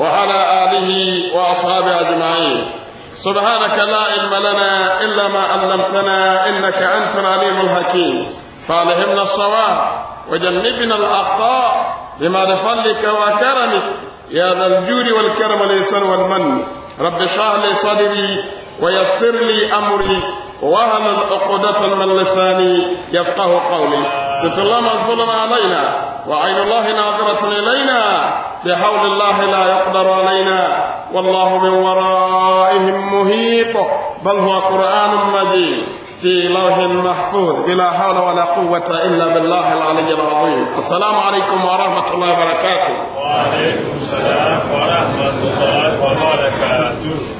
وعلى آله وأصحابه أجمعين سبحانك لا علم لنا إلا ما علمتنا إنك أنت العليم الحكيم فألهمنا الصواب وجنبنا الأخطاء بما لفضلك وكرمك يا ذا الجود والكرم والإحسان والمن رب اشرح لي صدري ويسر لي أمري وهم العقدة من لساني يفقه قولي ست الله مزبولنا علينا وعين الله ناظرة إلينا بحول الله لا يقدر علينا والله من ورائهم مهيط بل هو قرآن مجيد في لوح محفوظ بلا حول ولا قوة إلا بالله العلي العظيم السلام عليكم ورحمة الله وبركاته وعليكم السلام ورحمة الله وبركاته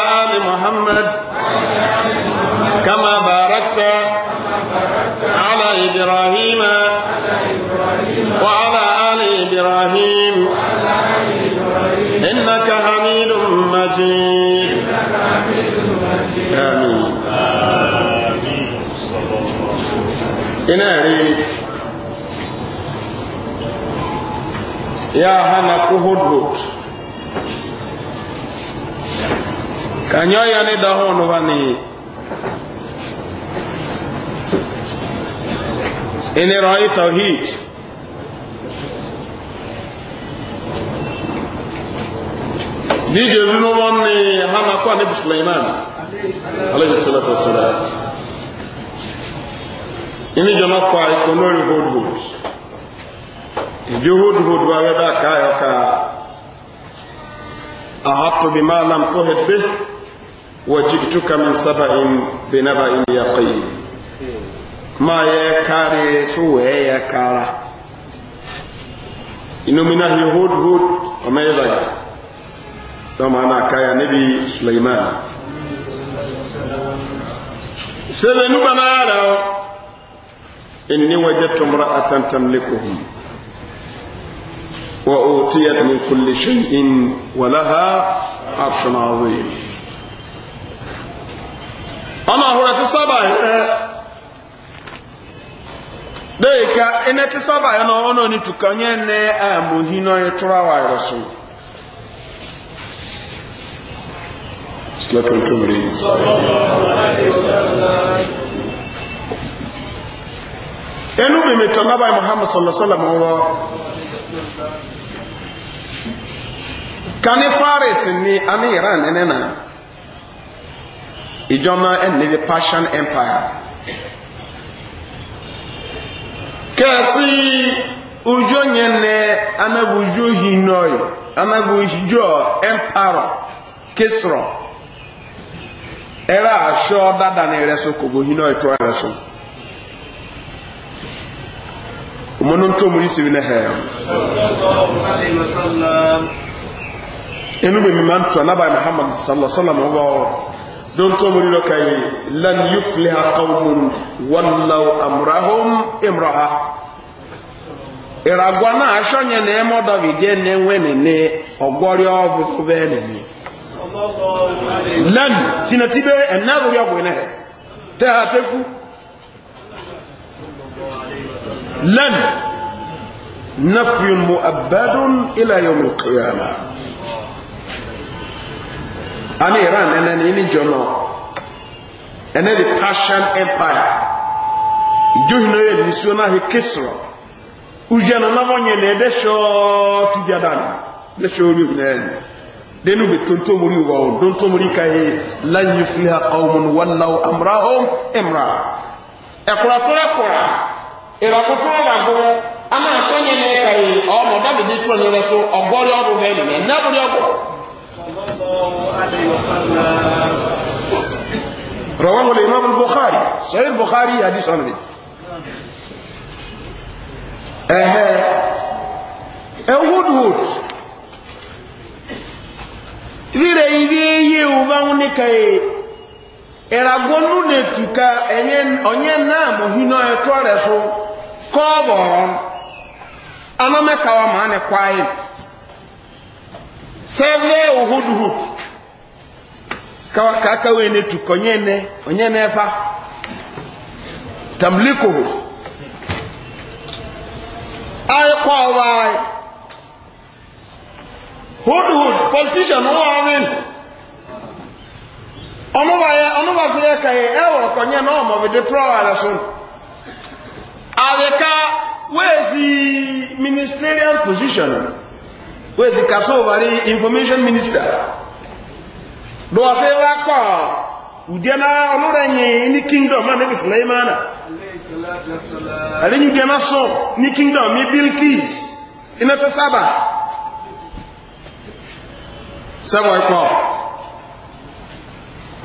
àmín iná rí ya hana kuhud road kanyọ ya ni dahọ n'ụwa n'iyi إن رأيت توحيد دي جزنو من هما قوة نبي عليه الصلاة والسلام إني جنوب قاعد كنور هود هود جهود هود وغدا كايوكا أهبت بما لم تهد به وجئتك من سبع بنبأ يقين ما يكاري سوى يكارا إنه من هود هود وما يضيع ثم أنا كايا نبي سليمان sebe nuba maala inni wajadtu imra'atan tamlikuhum wa utiyat min kulli shay'in wa laha 'arshun 'azim ama hura ti saba dai ka ina ti saba ya no ono ni tukanye ne amuhino yetura wa rasul sallallahu alaihi wasallam ẹnu mímí tọ́ náà báyìí muhammad sallasala mọ́ wọ́ kani faris ni ani iran ẹni na ìjọba ẹni the persian empire kẹsí ojú yẹn nẹ anagunjú hinoy anagunjú empire kisro ẹ̀rọ aṣọ dáadáa ni rẹ̀ kò bó tó umuntu ntomuri sibine heyo inu be miman twa naba muhammad sallallahu alaihi wasallam go don tomuri lo kai lan yufliha qaumun wallau amrahum imraha iragwa na ashonye na emo david ne nwenene ogori obu venene lan tinatibe te لن نفي مؤبد إلى يوم القيامة أنا إيران أنا نيني جنو أنا the Persian Empire ìjọ́hìnà yẹn ní sọ́nà hì kẹsìrọ̀ ujana náà yẹn ní ẹ̀dẹ́ sọ tùbíà dànù lẹ́sọ̀ orí ògùn ẹ̀yìn dẹ́nu bẹ tóntó mórí wà ó tóntó mórí ka yẹ láyé fúlẹ̀ ọmọ wọn làwọn amúra ọ̀hún ẹ̀múra ẹ̀kúra tó rẹ̀ kúra. ìrọ̀kútú ìràgó a máa sọ́yìn ní ẹ̀ka yìí ọmọ dábìdì tó ní rẹ̀ so ọgbọ́rí ọdún bẹ́ẹ̀ nìyẹn nábùrí ọgbọ̀. rọwọ́n wọlé imam bukhari sọ́yìn bukhari hadith ọ̀nà mi. ẹ̀hẹ́ ẹ̀ na kɔɔbɔrɔn ama mɛ kawa maa ne kwae sɛvɛ ohoduhud kaka wei ne tu kɔnyɛ nɛ ɔnyɛ nɛ fa tamlikoho ayɛ kɔɔbaae hudhud politician wɔɔren ɔmo ba yɛ ɔmo ba so yɛ ka ɛwɔ kɔnyɛ na ɔmɔ bi de so alika wezi ministerial position wezi kaso wari information minister do ase wa kwa udiana onore nyi ni kingdom ma nabi sulaimana alayhi udiana so ni kingdom mi bilkis ina ta saba sabo ikwa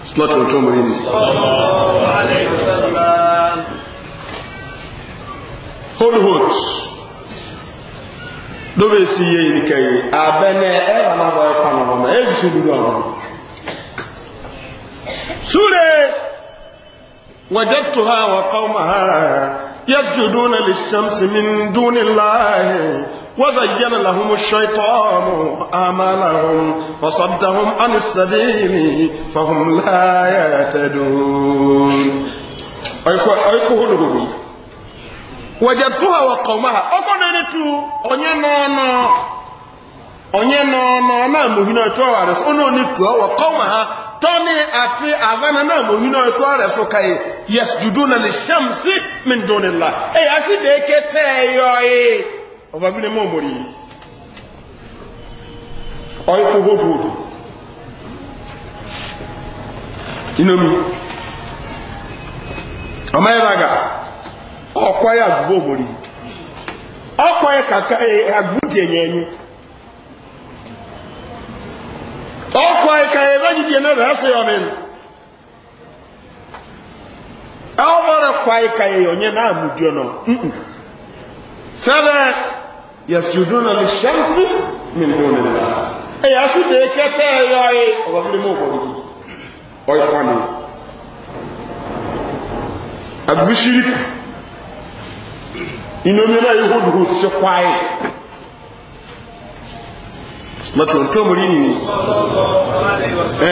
slot to tumuri ni sallallahu alaihi wasallam hudhud ló bẹ sí iye ìrìkẹyì abẹ́nẹ ẹ̀rọ aláwọ̀ ẹ̀pà náà ọmọ ẹ̀jù sí dúdú ọmọ súre wàjẹ́ tó ha wà kọ́ ma ha يسجدون للشمس من دون الله وزين لهم الشيطان آمالهم فصدهم عن السبيل فهم لا يهتدون أيكو هدو هدو wajatuha wa qaumaha ọkọ nene tu onye nono onye nono na muhino to ares ono ni tu wa qaumaha toni ati azana na muhino to ares kai e, yasjuduna lishamsi min dunillah e asibe kete yoyi obabile e, mo mori oy ko gogo inomi amayaga ọkwa ya agwụgwọ omori ọkwa ya kaka eh, agwụdị enye enye ọkwa ya ka ebe gị dị n'ebe asị ya ọmịnụ ọbọrọ kwa ya ka ya onye na-amụdị ọnọ sebe yasudu eh, na lishamsi min dole na e ya si da eke ta ya ọyị ọbabiri m ụbọrọ gị ọyị kwa ne agwụshirikwu inomina yi hudhud se kwaye mato nto muri ni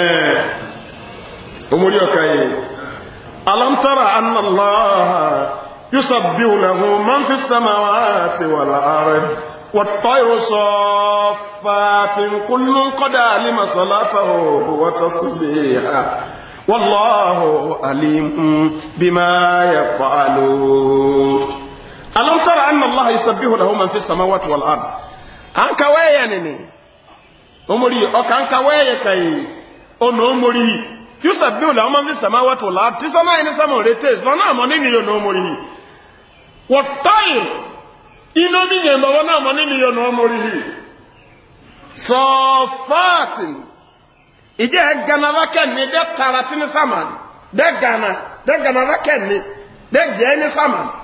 eh umuri okaye alam tara anna allah yusabbihu lahu man fis samawati wal ard والطير صافات كل قد علم صلاته وتصبيحه والله عليم بما يفعلون alam tara anna allah yusabbihu lahu man fis samawati wal ard an ka waye ne ne omori o kan ka waye kai ono omori yusabbihu lahu man fis samawati wal ard tisama ina sama rete bona mo ne ni yo no omori wa tayr ino mi ne mo bona mo ne ni yo no omori safatin ije gana ba ni de taratin sama de gana de gana ba ni de je sama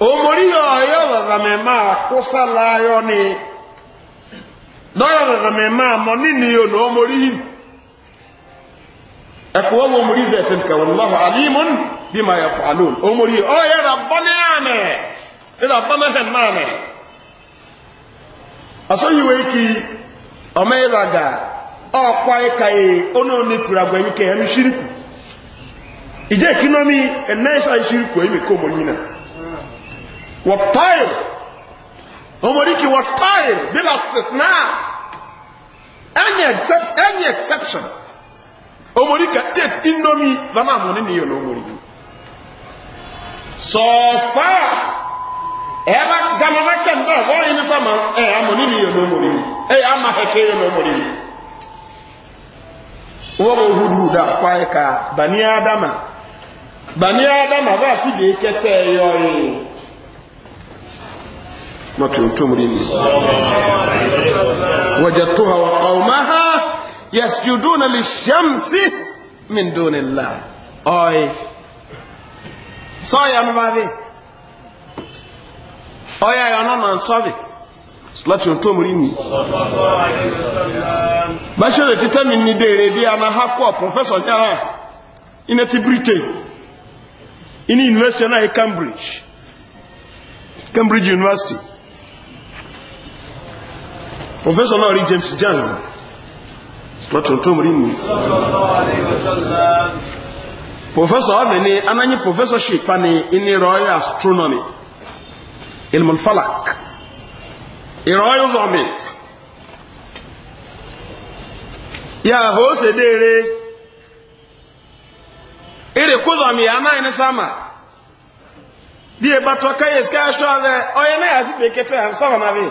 omori ọyọ rara mẹma laa laayọ ni lọyọ rara mẹma amọ nínú yóò na omori yìí ẹkọ wọn omori zẹ fẹ nkà wọn lọhọ alimun bí ma e, yẹ fàánù e e omori ọyọ rabọni àmẹ rabọni hẹn náà mẹ asọyiwe náà. والطير أمريكي والطير بلا استثناء any exception any exception أمريكا تت إنومي ذما منين يون أمريكي صفات ẹ̀rọ gamọ̀mẹ́kẹ̀ náà wọ́n yìí ní sọ́mọ̀ ẹ̀ àmọ̀ nínú yẹn lómòrí ẹ̀ àmà kẹ̀kẹ́ yẹn lómòrí wọ́n bọ̀ húdúdà kwáyé ka bani adama bani adama bá sì dé kẹtẹ́ yọ متمتمرين وجدتها وقومها يسجدون للشمس من دون الله أي صايا مبابي أي يا نانا صابك láti ohun tó mú rí ní bá ṣe lè títẹ́ mi ní dèrè bí a máa ti britain iní university náà Cambridge Cambridge University professor náà rí james jones lọ́tún tó rí mú professor ọ̀bẹ̀ ni anáyí professorship ni ní royal astronomy ilmul falak ìrọ̀yún zọmi ya ho se dere ere kó zọmi anáyí ní sáma bí e bá tọ́ka yẹ skáṣọ́ rẹ̀ ọyẹ́ náà yà sí pèkétẹ́ sọ́rọ̀ náà bíi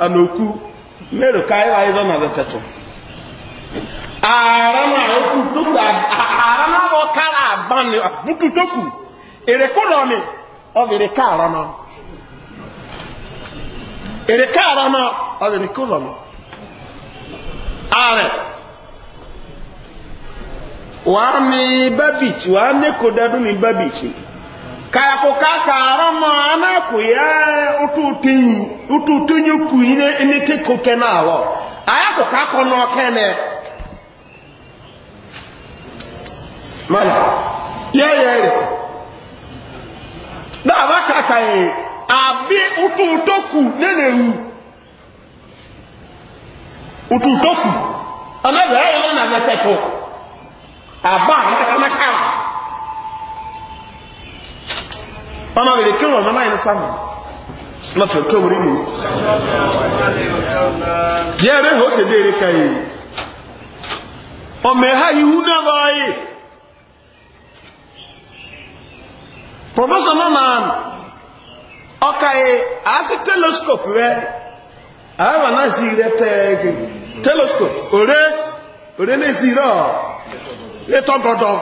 anoku mero ka na bɛtɛtɔ ara na oku toku ara na wɔ kara abani butu toku ereko dɔɔni ɔbɛrɛ kaara na èrè káàrà náà ọ̀rẹ̀ ní kó lọ́nà ààrẹ̀ wà á mi bábìtì kò dádún mi bábìtì kaya kukaka arama anaku ya ututinyu ututinyu kuine inite kukenawo aya kukako no kene mana ye yere na abakaka ye abi ututoku nenewu ututoku anaza ayo na nazeto aba anaka nakara ọmọ rẹ̀ kí rọ̀ mọ́lá ìnísàmù lọ́tọ̀ tó rí mú yẹ́ rẹ̀ ó sì léèrè kàyè ọmọ ẹ̀há ihu náà bọ́ ayé professor norman ọkàyè àásí telescope rẹ̀ àwọn náà sì rẹ̀ tẹ́ẹ̀gì telescope òré òré náà sì rọ̀ ètò gọ̀dọ̀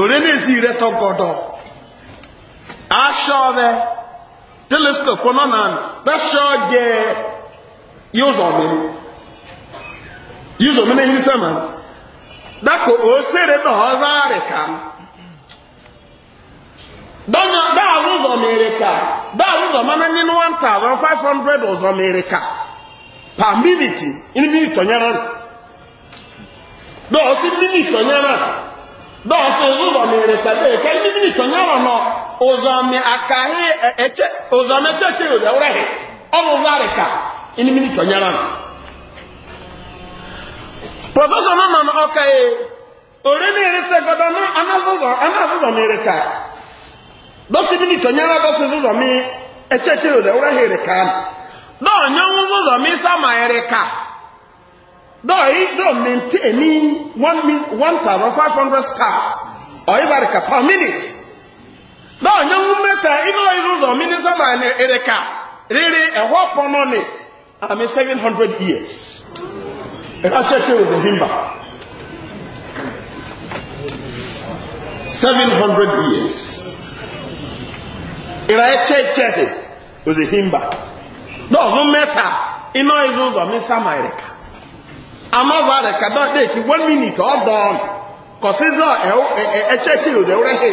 òré náà sì rẹ̀ tọ́ gọ̀dọ̀ ashove telescope kono nan da shoje yuzo mi yuzo mi ne in sama da ko o sere to hoza re ka dɔnna daa zɔzɔ mɛrika daa zɔzɔ mana ninu one thousand five hundred zɔ mɛrika per minute ini minute tɔnyɛrɛ dɔw si minute tɔnyɛrɛ. dọọsụ ụzọ mèrè pɛlɛ kɛ ndidi tɔnyɔrɔ nɔ ozɔmi akahe ɛtsɛ ozɔmi tsɛtsɛ yòdɛ wrɛ hɛ ɔlùwárì ká ndidi tɔnyɔrɔ nɔ. ore ne yɛrɛ tɛ gbɔdɔ na anazɔzɔ anazɔzɔ mèrè ká dɔsi ndidi mi mi sama dɔɔ he dɔɔ maintain one min one thousand five hundred stars or bari ka per minute dɔɔ nye ŋumeta inu ɔyi zɔzɔ minisama ereka riri ɛhɔ pɔnɔ ni ami seven hundred years ɛna kyekye wo de himba seven hundred years ɛna kyekye wo de himba dɔɔ zɔn mɛta inu ɔyi minister, minisama Erika amava rẹ kada de ki one minute ọdọn kọsizọ ẹwọ ẹkyẹ ti o de ẹwọ rẹ hẹ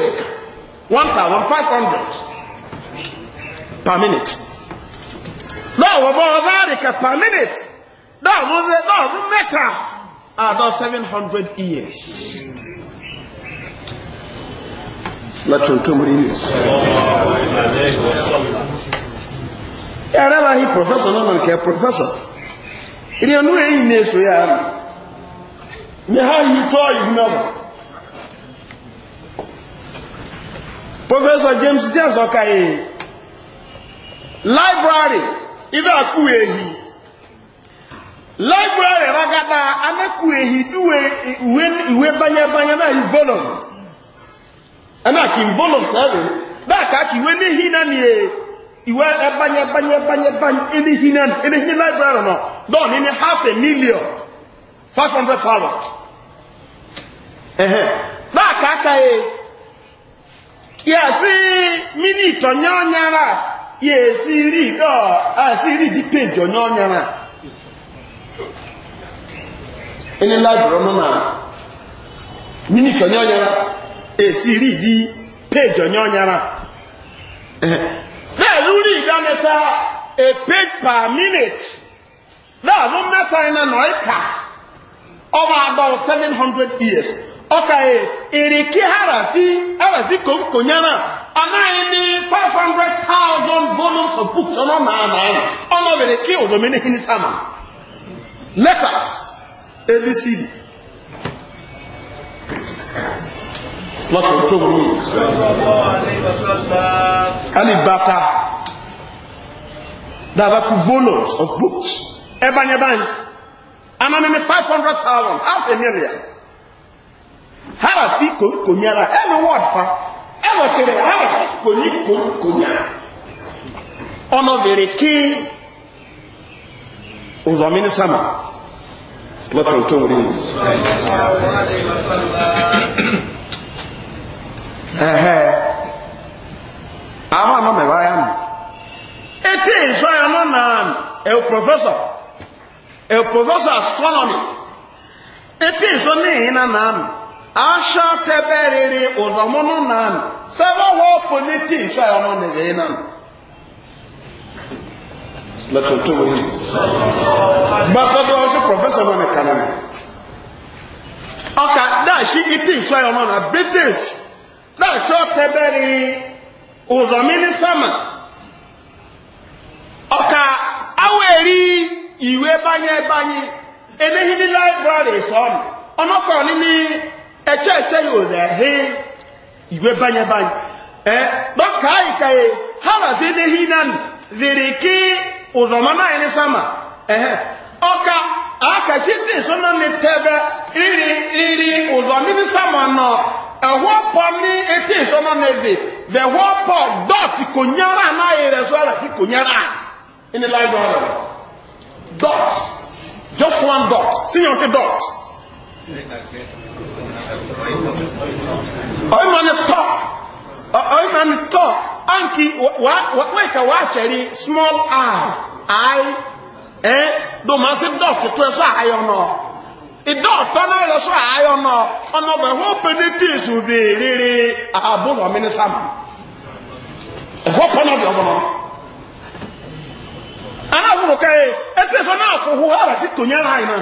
one thousand five hundred per minute No, wọ́n bọ́ ọba rẹ ka per minute No, wọ́n rẹ náà wọ́n mẹ́ta ah, about seven hundred years. Lẹ́tùn tó Yeah, yìí. Ẹ̀rẹ́ wa hi no, náà nìkẹ́ professor. ilionu na-eso ya nyahai toi mnogo professor james james okaye library ida kuehi library ragada anakuehi duwe uwe uwe banya banya na involved ana ki involved sabe da ka ki we ni ni ìwé ẹbányẹbányẹbányẹbány eléhinan eléhin library náà náà ní ní half a million five hundred thousand ẹ̀hẹ́ náà kàákà yẹ yẹ sí mini ìtọ̀nyọ́nyára yẹ sí rí ìdọ́ àti rí ìdí page ọ̀nyọ́nyára ẹni library náà náà mini ìtọ̀nyọ́nyára èsì rí ìdí page ọ̀nyọ́nyára ẹ̀hẹ́ bẹ́ẹ̀ lórí ìdánẹta a page per minute láàánú mẹ́ta iná náà ẹ̀ka ọba about seven hundred years ọkà ẹ̀ èrèké harafi harafi kòńkònyára anáyé ní five hundred thousand volumes of books ọ̀nà náà náà ọ̀nà èrèké òdòmínì hínísàmà letters ABC lọ́tọ̀ tó mú yìí alibata dava ku volumes of books ẹbanyẹbanye amamini five hundred thousand half a million harafi konyara ẹnu word fa ẹwọ kere harafi konyi konyara ọ̀nà bèrè kí ọzọmini sama lọ́tọ̀ tó mú yìí. ehe ahɔ no mɛba ya mu ete nsɔ ya nọ na a e prɔfɛsɔ e astronomy eti nsɔ nihi yina na asha ahyɛ tɛbɛriri ɔzɔmo no na mu sɛbɛ wɔ ɔpɔ ne ya na ɛyɛ na mu. lẹtọ tó wọlé nọ ọsẹ prọfẹsọ náà nìkan ite ya nọ na british. na-achọta ebe ụzọ mini-sammar ọ ka iwe banye banye enehi na laibrari nsọ nnụnụ ọ eche ọ na-eme echeche yo ehi iwe banyere banyere. dọkịta ahikaghị e, ha nwetara n'ihi naanị dịrị ka ụzọ ma sama eri samar ọ ka ahakachi na nsọ na ụzọ mini-sammar nọ. ɛhɔ pɔ ne eti sɔmɔ na ebe bɛ hɔ pɔ dɔt konyara na ayɛ rɛ so ara fi konyara in the library dɔt just one dot. senior ke dɔt ɔyɛ ma ne tɔ ɔyɛ ma ne anki wa wa wɛka wa kyɛri small r i ɛ e, do ma se dɔt to ɛfɛ ayɔ nɔ ìdá ọ̀tọ́ náà lọ sọ ààyè ọ̀nà ọ̀nà ọ̀bẹ̀ hó penetics òde rere àbúrò mínísàmù ẹ̀họ́ pọ̀ náà bí ọ̀bọ̀n aláwòrán káyé ẹsẹ̀ sọ náà kò hu ara sí kònyára àyìnà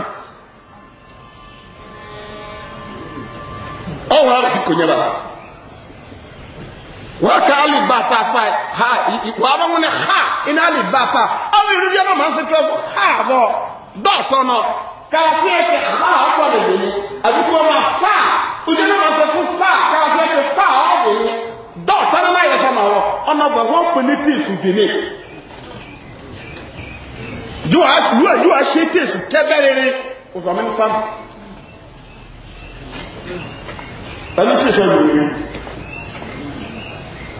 ọ̀hún ara sí kònyára wọ́n ká alìbàtà fa ha ìwà àwọn ní ha iná alìbàtà àwọn ìrìndí ẹ̀ náà máa ń ṣe tó ẹ̀ fún ha bọ̀ dọ́ọ̀tọ̀ náà káfí ẹ̀kẹ́ fà ọ̀pọ̀ lèdè ni àdúgbò ọmọ fà ojú náà sọ fún fà káfí ẹ̀kẹ́ fà ọ̀pọ̀ ni dọ́ọ̀tà náà yẹ sọ màwọ ọ̀nà ọgbà wọn pè ní tíìsù gèlè yóò ṣe tíìsù tẹ́bẹ́rẹ́rẹ́ òsàmì sàm ẹni tíìsù ọ̀gbìn ni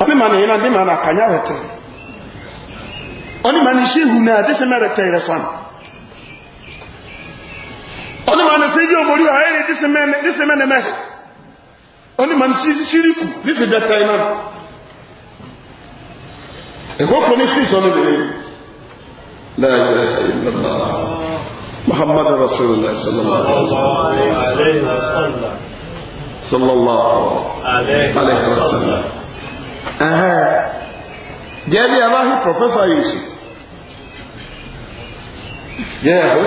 ọ̀nì mà nìyẹn náà ní mà nà kànyà rẹ̀ tẹ̀ ọ̀nì mà ní ṣéhù náà àdéṣe mẹ́rẹ̀ tẹ̀ rẹ̀ sàm oni ma na sebi omori ha ere disi mene disi mene mehe oni ma na shiriku disi beta ina eho ko ni tisi oni bele la ilaha illallah محمد رسول الله صلى الله عليه وسلم صلى الله عليه وسلم اها جابي الله بروفيسور يوسف يا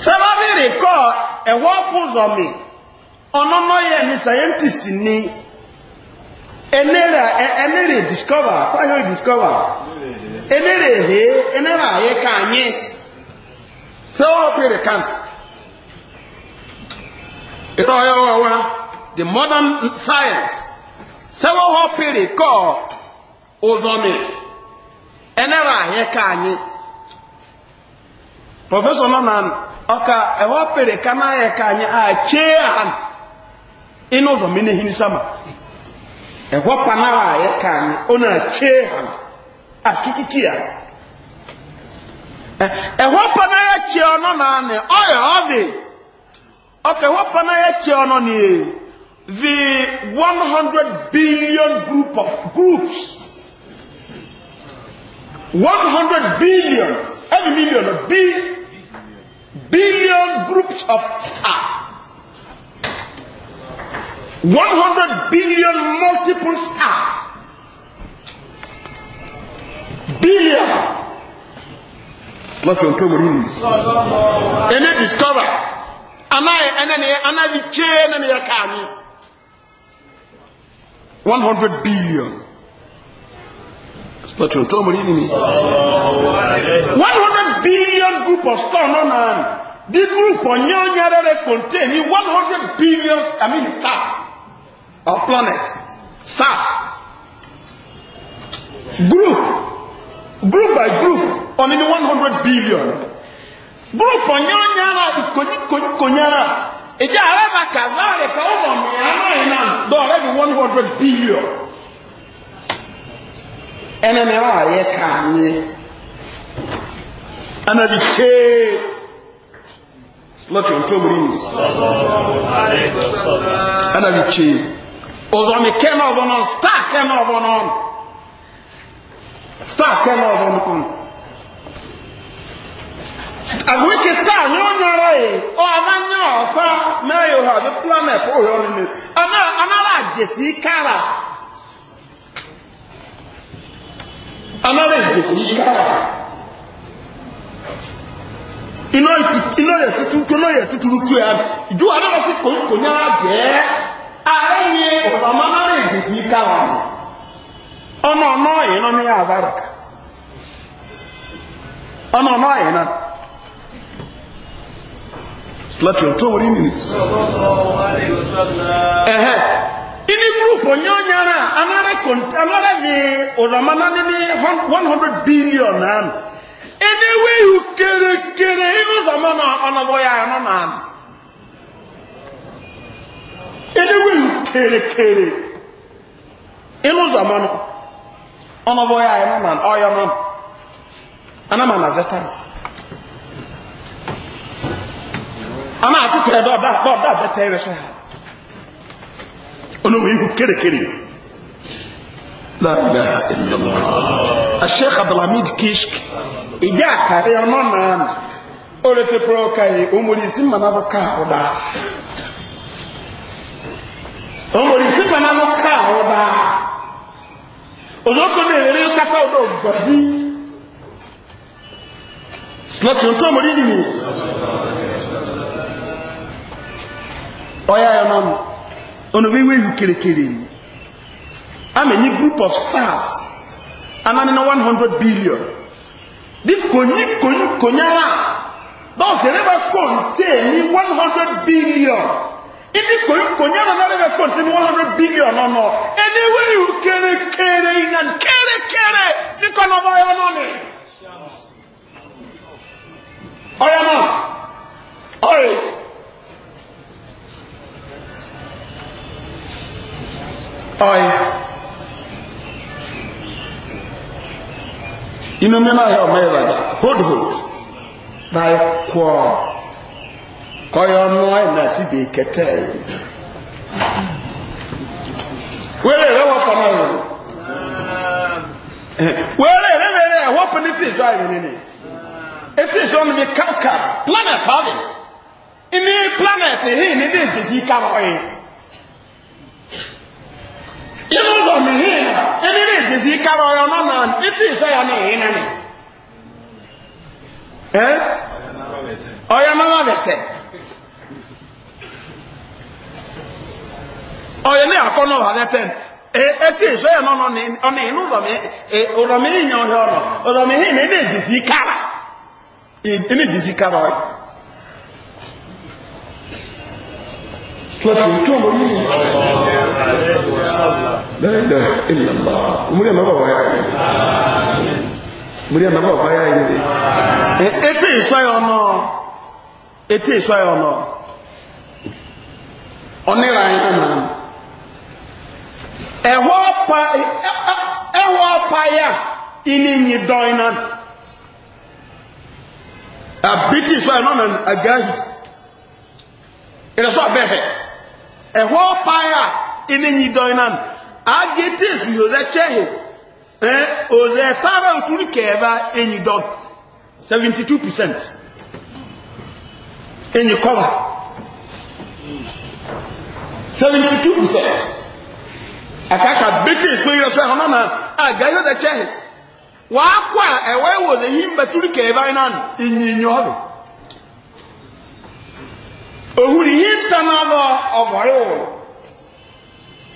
sẹ́wáfìrì kọ́ ẹ̀wọ́ kúzọ̀mì ọ̀nọ́nà yẹ ni scientist ni enera enere discover science discover enere ehe enera ayé ka anyi sẹ́wáfìrì kan ìrọ̀ ọ̀yọ́ wọ̀ wá the modern science sẹ́wáfìrì kọ́ ọ̀zọ̀mì enera ayé ka anyi professor náà náà. ọka ẹwà pere kama yẹ ka anyị ah, a chee ha ịnụ ụzọ mmiri hin sama ẹwà panawa yẹ ka anyị ọ na ha akikiki ya ẹwà pana yẹ ọ nọ naanị ọ ọ dị ọka ẹwà pana yẹ chee ọ nọ n'ihe the one hundred billion group of groups one hundred billion every million billion groups of stars. 100 billion multiple stars. Billion. Láti ọ̀tọ́ mọ̀ nínú. Ẹni discover. Anáyẹ ẹnẹ́niyẹ, anáyẹ jẹ́ ẹnẹ́niyẹ káàní. 100 billion láti ohun tó mọ̀ rí nìyí. billion group of store náà nà the group ọ̀nyánya rẹ̀ contain ní one billion i mean stars or planet stars group group by group ọ̀nà ní one billion group ọ̀nyánya rẹ̀ ìkònyíkònyára èdè àrẹ́ bàkà láàrẹ̀ kà ó mọ̀ mìíràn náà dọ̀ọ̀rẹ́ bí one billion ɛna ne wa yɛ kaane ɛna bi kyee lɔtɔ ntomri mu ɛna bi kyee ozɔmi kɛn na ɔbɔ nɔn star kɛn na ɔbɔ nɔn star kɛn na ɔbɔ nɔn agbeke star nyɛ ɔnyɔrɔ yi ɔba nyɛ ɔfa mɛ yɛ ɔha bi planet ɔyɔ ne ne ana ana la jesi kara. anára ìgbèsí káà iná yẹ tutu tó náà yẹ tutu tu ẹ ìdú anára sí kòńkò ní àgbẹ̀ ààrẹ ni ọ̀pọ̀lọpọ̀ anára ìgbèsí káà ọ̀nà ọ̀nà ìná ní àbáraka ọ̀nà ọ̀nà ìná láti ọ̀tọ́ orí nìyí. ẹ̀hẹ́ konyonyara anara kont anara vi oramana ni 100 billion nan enewe ukere kere inu zamana anabo ya no nan anywhere ukere kere inu zamana anabo ya no nan oyo nan anama na zeta ama atutere do da do da betere so ha olówó ihu kérekére láìlá ìlọ́lá aṣèk abdulhamid kishk ìjà àkàrí ọ̀nà náà ó retí pọ́ọ́kà yìí ó mọ̀rí sí mmanavọ́ ká ọ̀dà ó mọ̀rí sí mmanavọ́ ká ọ̀dà òzòkò ní èrè kátà ọ̀dọ̀ gbàzí sinọ́tì tó mọ̀rí nìyí ọ̀yá ẹ̀ náà ono wewe yu kerekere ni amenyi group of stars anani na 100 billion di konyi konyi konyara dɔw fɛ bɛ kɔnte ni 100 billion ibi konyi konyara na bɛ kɔnte ni 100 billion nɔnɔ ɛni wewe yu kerekere yi na kerekere ni kɔnɔbɔ yɛ nɔni ɔyɛ nɔ ɔyɛ. ọyị inú mi náà yọ ọmọ ìrọ̀jà hudhud náà kú ọ kọyọ ọmọ ẹ̀ náà sì bèè kẹtẹ ẹ̀ wẹ́rẹ́ rẹ wọ́n fọmọ rẹ wẹ́rẹ́ rẹ wẹ́rẹ́ ẹ̀ wọ́n pinnu tí ìṣọ́ àyè nínú etí ìṣọ́ mi ni e kàkà planet havin ní planet yìí ní ní ìbísí kàwọ́ yìí inú lọ mìíràn ẹni rí ìdìsí kára ọyọ náà náà nífi ìfẹ́ ya náà yìí nánà ọyọ náà bẹ̀tẹ̀ ọyọ ní àkọ́ náà bẹ̀tẹ̀ ẹtí ìṣọ́ yẹn náà ọ̀nà inú ọ̀rọ̀mí ìyàn ọ̀hẹ́ ọ̀nà ọ̀rọ̀mí ìyàn ní ìdìsí kára ní ìdìsí kára ọyọ. Tuwọ́tì tó wọ́n yìí. láìláà ìlàlá múríà máa bàbá yáà yìí múríà máa bàbá yáà yìí ètè ìṣọ́yọ̀ ọ̀nà ètè ìṣọ́yọ̀ ọ̀nà nọ na náà ẹ̀họ́ ọ̀pá ẹ̀họ́ ọ̀pá ìnìyí dọ́inan agété èsì enyi e chẹ́hì Seventy two percent kẹ̀ẹ́bá ẹ̀yìn 72% ẹ̀yìn 72% àkàkà bété èsì òrẹ́ sọ ẹ̀họ́ náà àgáyé òrẹ́ chẹ́hì wàá kọ́ ẹ̀wọ́ ẹ̀wọ̀ lẹ́yìn bẹ̀túrú kẹ̀ẹ́bá ẹ̀yìn ìyìn ọ̀rọ̀ òhùrì yìí ń tẹ́ yi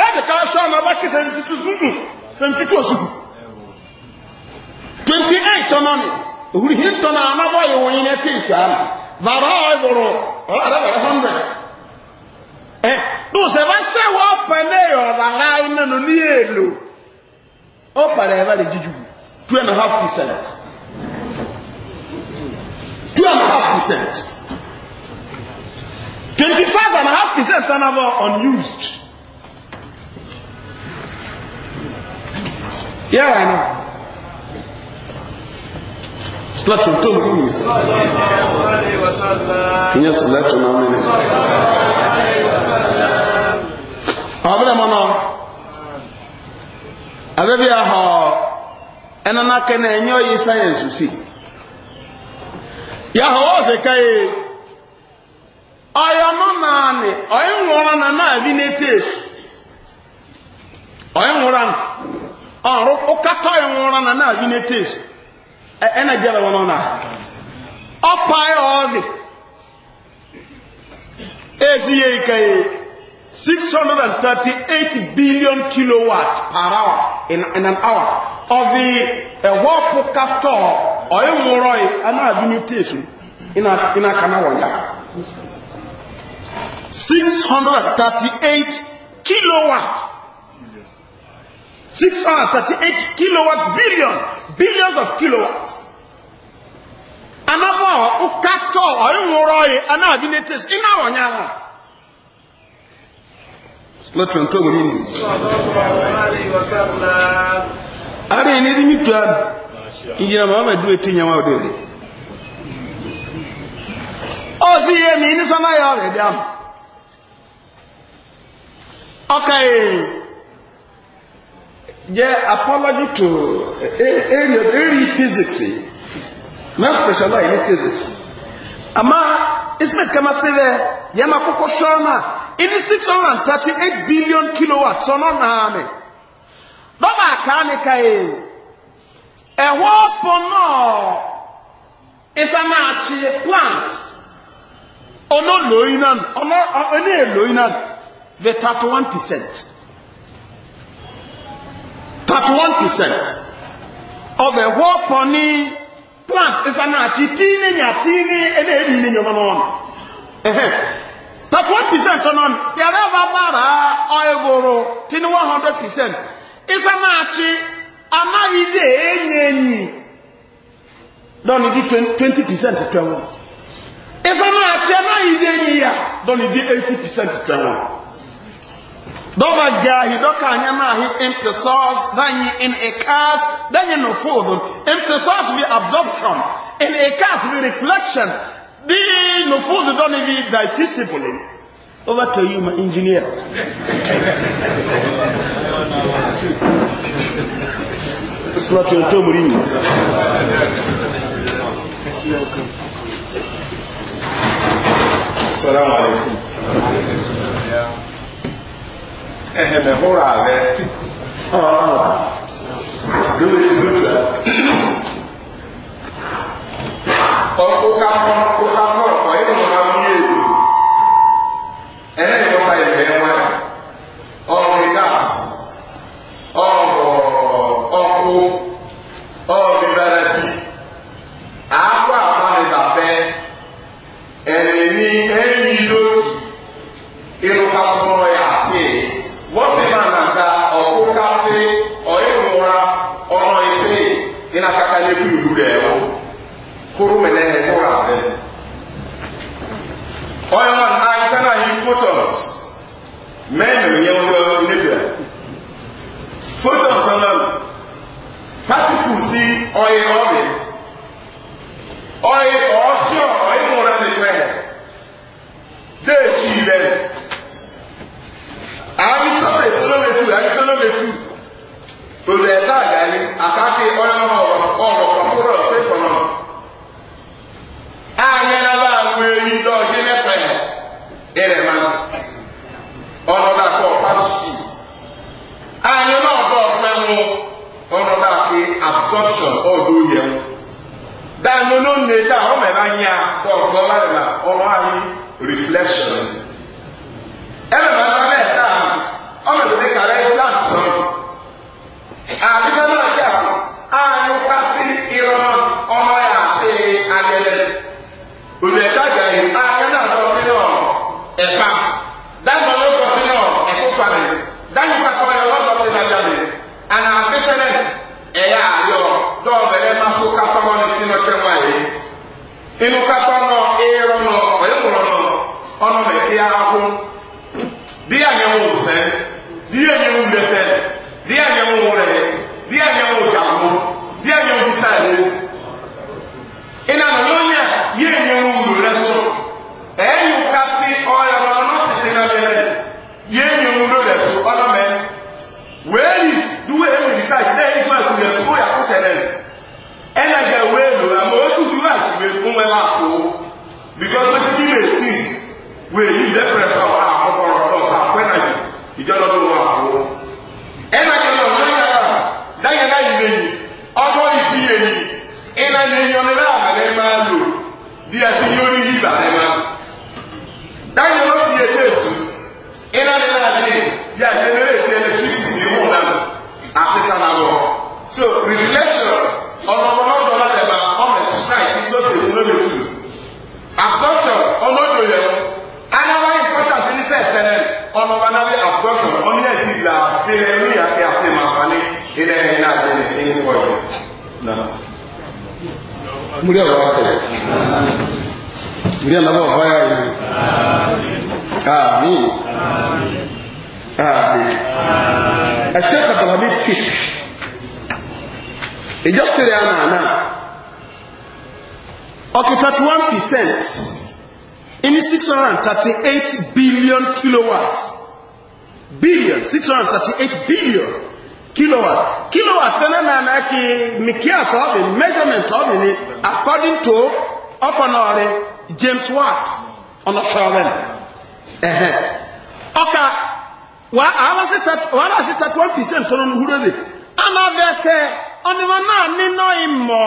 ẹ̀ẹ́dẹ̀ ká aṣọ ọmọ bá kí sẹ́ntútù ọ̀sùkù 28 tọ́nà ni òhùrù hí tọ́nà anábọ̀ ìwò yín ẹ̀ tí ì sọ àmà bàbá ọ̀gbọ̀rọ̀ ọ̀rọ̀ 100 ẹ̀ dùsẹ̀ bá ṣẹ́wọ́ pẹ̀lẹ́ ọ̀rọ̀ ara iná nù ní èlò ó pàrẹ̀ ẹ̀ bá lè jíjù 2.5 percent 2.5 percent percent tọ́nà unused yàrá iná sílẹ̀tù tó mú mi ìyẹ́ sílẹ̀tù náà mi ọ̀bẹ̀rẹ̀ mọ́nà abẹ́bí ahọ́ ẹnana kẹ́nà ẹ̀yọ́ yìí sáyẹ̀nsì sí yàhọ́ ọ̀sẹ̀ káyé ọ̀yọ́ nọ náà ni ọ̀yẹ́ nwọ́ra náà náà vi n'ete èsù ọ̀yẹ́ nwọ́ra náà ọ̀rọ̀ ọkàtọ̀ ìwọ̀n na náà bí netes ẹ̀nà jẹ́ wọn náà ọpa ọ̀ọ̀dì èsì yẹ ìkẹyẹ 638 billion kilowatts per hour in, in an hour ọ̀dì ẹ̀wọ́ ọkàtọ̀ ọ̀ẹ̀wọ̀rọ̀ náà bí netes iná kanáwọ̀ yá 638 kilowatts 638 kph billion billions of kilowatts anabọ ụkatọ ọịnwụrụ ọyị anabi netes ị na-awọnya ha lọtụrụ ntọ nwere inu ara ni mitu ahụ injina muhammad duwe tinye nwa odere ozi ihe ma ị nisa na ya ọrịa dị ahụ ọka ee jẹ́ apology to area area physics ma special in physics àmá ismet kama se bẹ yẹ ma kókó sọ́ọ́nà ní six hundred and thirty eight billion kilowatt sọ́nà náà mi dọ́bà àkànnìkà yìí ẹ̀họ́ pọ̀ náà ìsànàchì plant ọ̀nà lóyún náà ọ̀nà ẹ̀ lóyún náà the thirty one percent one percent of a whole pony plant is an achitini nyatini ene ebi ni nyoma no ehe one percent onon yare babara ah. oegoro tini one hundred percent is an achi anaghị dị enyi enyi dọnị dị twenty percent 12 ịsa na-achị anaghị dị enyi ya dọnị dị eighty percent one dɔba gyahi dɔka anyama ahi imtisɔs danyi in a ekas danyi nufuudun imtisɔs bi absorption in a cast bi reflection di nufuudun dɔni bi diffusibly over to you my engineer. Sọ́tò tó mú rí yìí. Assalamu alaikum ɛhɛmɛ hɔrɔ abɛ ɔrɔ lórí ìlú rẹ ɔkóka kɔ kóka kɔ ɔyẹ kò máa ń yé o ɛnɛ yìí ɔka yẹ mɛ ɛwɛ ɔrɔ relax ɔrɔ. mene he ko ra he oyo man ai sana hi photons men me yo yo ni bia photons ana particles si oyo obe oyo osio oyo mo ra ni fe de chi le ami so de so le tu ami so le tu to le ta ga ni akake oyo ọ̀rọ̀ ọ̀rọ̀ ọ̀rọ̀ absorption ọdọ yẹ mu dànù ló ń lè ta ọmọ ẹ bá nyà bọ́ọ̀lù ọba rẹ la ọmọ ayé reflection ẹ bẹ bá bá bẹ́ẹ̀ ta ọmọ ìdílé kàrẹ́ plant sàn àbísẹ́ náà jẹ́ àánú pàtí irọ́ ọmọ yà sí agẹlẹ òjò ẹ̀dá gẹ̀ẹ́ àánú náà lọ́ọ́ nínú ẹ̀ka. that muryar wa kai muryar labar baya yi amin amin a shekha talabi fish ijo siri ana ana okay 31 percent in 638 billion kilowatts billion 638 billion kilowatt kilowatt sẹ́nẹ́ na kí mikias measurement ọ̀bìn ni according to ọ̀pọ̀nọ̀rin james watt ọ̀nọ̀ṣọ́rin ẹ̀hẹ́ ọ̀ka wàhálà sí thirty one percent tó tẹ ọ̀nìmọ̀ náà ìmọ̀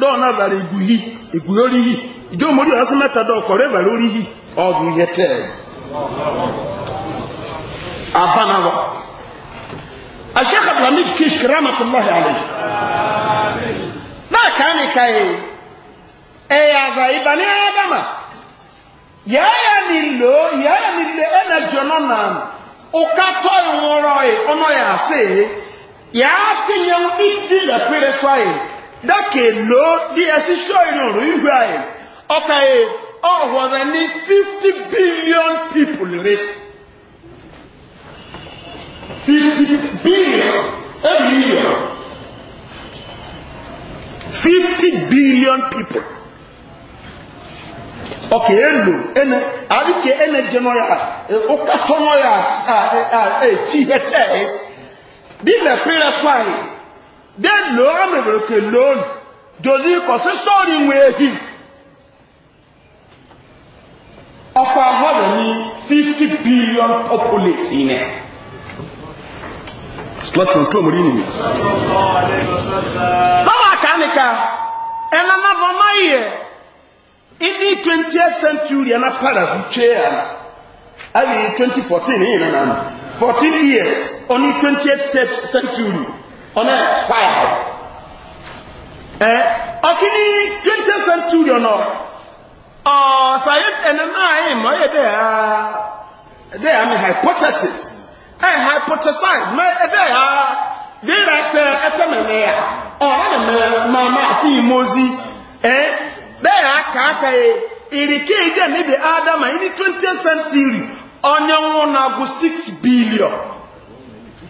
Dọọ na vare egwuhi eguhi orihi ìjọ mori ọsẹ mẹta orihi ɔdu yɛ tɛ abanawa aseka blamid kish ramatullahi alayhi náà kàn ní ka yìí ɛyà àzà adama ya ya n'ilo ya ya jọ̀nà nàn ɔkatɔ ìwọ̀rọ̀ yìí ɔnà yà sè yìí yàá ti yẹn bí bí dákè ló dsc ṣọ́ ìrìnrò ìgbà ẹ̀ ọkà ẹ̀ ọ̀wọ̀rẹ̀ ní fifty billion people rẹ̀ fifty billion every year fifty billion people ọkà èlò ẹnẹ àríkè ẹnẹ jẹnà yà ọkà tọ́nà yà ẹ̀ ẹ̀ ẹ̀ tí yẹ tẹ̀ ẹ̀ bí lẹ́pẹ̀rẹ̀ sọ àyè de loo mebere ke loon dozi kɔsi sɔɔni ŋmeehi ɔkɔ ahɔdɔ ni 50 billion populace yi nɛ slɔtun tóomu ri nìyí. báwa kan nìkan ɛnna nàfɔ má yẹ ìdí twentieth century ɛnna paragu chair ayi twenty fourteen yìí eh, nana fourteen years ɔní twentieth century ọ̀nà fire ẹ eh, ọ̀kíní twenty century ọ̀nà ọ̀sàyẹ́ ẹ̀nà náà ẹ̀ mọ̀ ẹ̀ dẹ̀ eh, ẹ̀ dẹ̀ ẹ̀ mi hypothesis ẹ̀ hypothesize mẹ́ ẹ̀ dẹ̀ ẹ̀ eh, dẹ̀ ẹ̀ tẹ ẹ̀ tẹ̀ mẹ́mẹ́ yà ọ̀hán mẹ́mẹ́ màmá sí ìmọ̀ọ́sí ẹ̀ dẹ̀ ẹ̀ kàákà yẹ ìrìkè ìdẹ̀ níbi ádámà ẹni twenty century ọ̀nyẹ́wọ̀n na go six billion.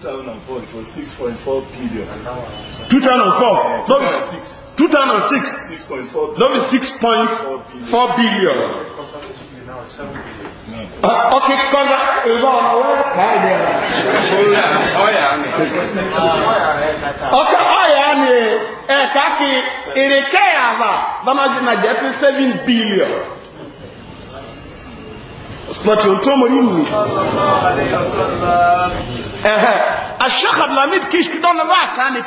2004, it was 6.4 billion. 2004, no, 2006. 2006, 6.4 no, 6.4 billion. billion. okay, because ọkà ọ̀yà ni ẹ̀ka kí ìrìkẹ́ àbá bámájú náà jẹ́ pé 7 billion ọ̀sùpọ̀tì ohun tó mọ̀ ní ìmú Ashok Abdulhamid Kish don na ma ka ni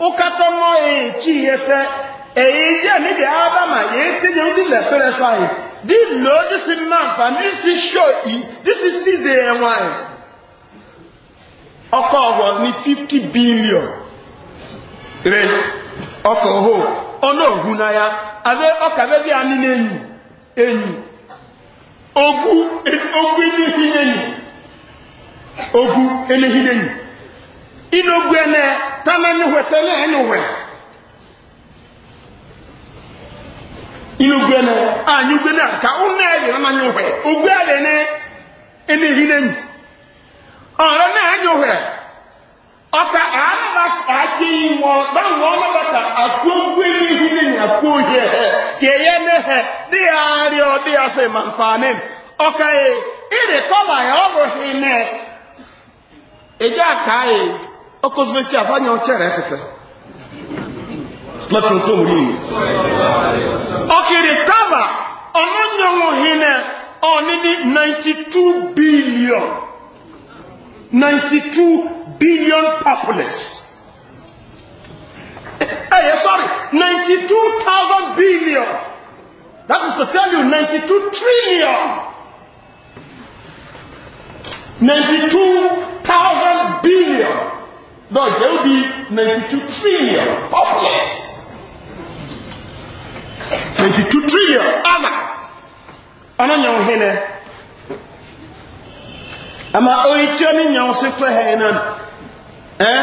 O ka e. to mo e chi yete. E yi je ni de aba ma ye ti je udi le e. Di lo di si man fa ni show i. This is season e wan. E. Oko ogo ni 50 billion. Re oko ho. Ono ohuna ya. Abe oka be bi ani nenyi. Enyi. Ogu, ogu ni hinenyi. Enyi. ogu elehile nyi inogu ene tana nyuhwe tene enyuhwe inogu ene a nyugu ene ka una ebe na nyuhwe ogu ebe ne enehine nyi ọrọ na enyuhwe ọka ara adị ịmụ gbanwe ọma bata akwụọ ngwa enehine nyi akwụọ ohi ehe yeye nehe di ya ọ di ya sị ma mfa ọka ị ịrị kọla ya ọ bụ bụghị ne ɛgya akae ɔkɔsomɛkyi afa nyɛ ɔkyɛrɛ tete lati ntom rii ɔkiri kava ɔno nyɔnwo hinɛ ɔne ne 92 billion 92 billion populace ɛyɛ eh, eh, sorry 92,000 billion that is to tell you 92 trillion 92,000 billion. No, there will be 92 trillion populace. 92 trillion other. Ana nyawo hene. Ama oitio ni nyawo se to hene. Eh?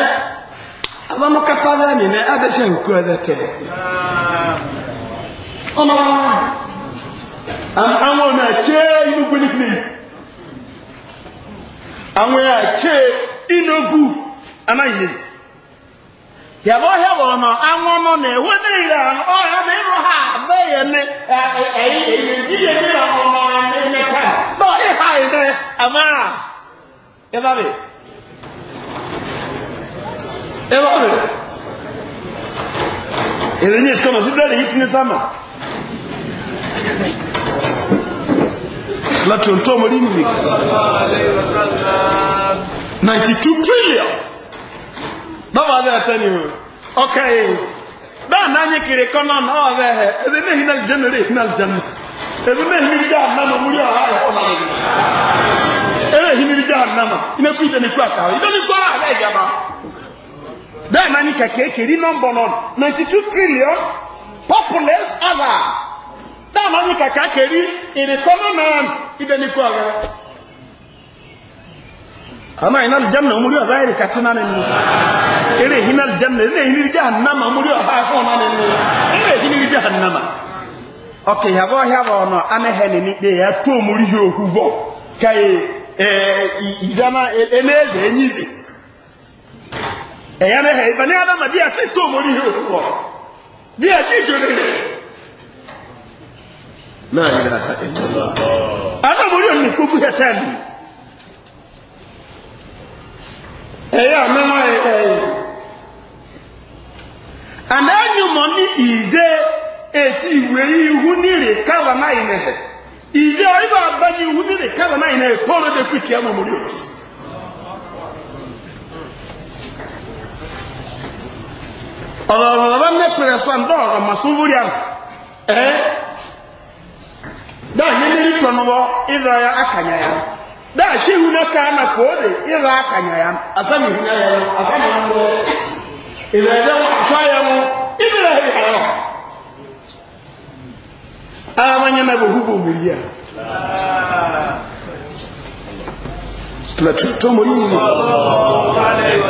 Aba mo katara ni na abe se ku adete. Ama. Am anwo na che ibu kwini kwini. àwọn ẹ̀kẹ́ inogu anáyìí yàbọ̀ hẹ́wọ̀ ọ̀nà àwọn nà ẹ̀wọ́ ní ìlà na ní ha bẹ́yẹ̀ ní ẹ̀yẹ ní ọmọ ẹ̀yẹ ká náà ìhà ìdẹ amara. ẹ̀bá mi ẹ̀bá mi èrè ní sí bẹ́ẹ̀ láti ohun tó mọ̀ rí nìyí 92 trillion dọ́wọ́ adé ẹ̀tẹ́ ni o ọkà yìí dáa náà nyé kiri kọ́ náà náà wà bẹ́ẹ̀ hẹ́ ebi náà hinna aljanna rẹ̀ hinna aljanna ebi náà hinna jẹ́ ànámà mú rí ọ̀há ẹ̀kọ́ náà rẹ̀ ebi hinna jẹ́ ànámà iná kú ìdẹ́ni kú àkàwé ìdẹ́ni kú àhà bẹ́ẹ̀ jàmá dáa náà nyé kàkẹ́ kiri nọ́mbọ̀ náà 92 trillion populous other. dáàmà ka kàkà kèrí ìrìkọ́nà náà ìdẹ́nikú àwẹ́ àmà iná aljanna omúrí ọ̀bá ìrìkà tí náà nínú eré ìhìn aljanna eré ìhìn ìrìjá hannama omúrí ọ̀bá ẹ̀fọ́n náà nínú eré ya tó omúrí yóò hù vọ́ káyé enyizi a ti tó omúrí yóò hù vọ́ bí a láàrínláà ìlọ́lá aláborí òní kó búyẹ̀ tẹ́lù ẹ̀yà mẹ́wàá ẹ̀yẹ àmì ẹ̀yùmọ̀ ní ìzé èsì ìwé ihu nírè káwà náà ìnẹ̀hẹ̀ ìzé ọ̀yíwá bá ní ihu nírè káwà náà ìnẹ̀hẹ̀ pọ́ọ̀rọ̀ dẹ́kù kí ẹ mọ̀mọ́rí òtù ọ̀rọ̀ ọ̀rọ̀ mẹ́pẹ̀rẹ̀ sọ da hiniri tonobo idha ya akanya ya da shehu na kana kore idha akanya ya asami hina ya asami ngo idha ya shaya mu idha ya halala amanya na buhubu mulia tunatuto mulizi sallallahu alaihi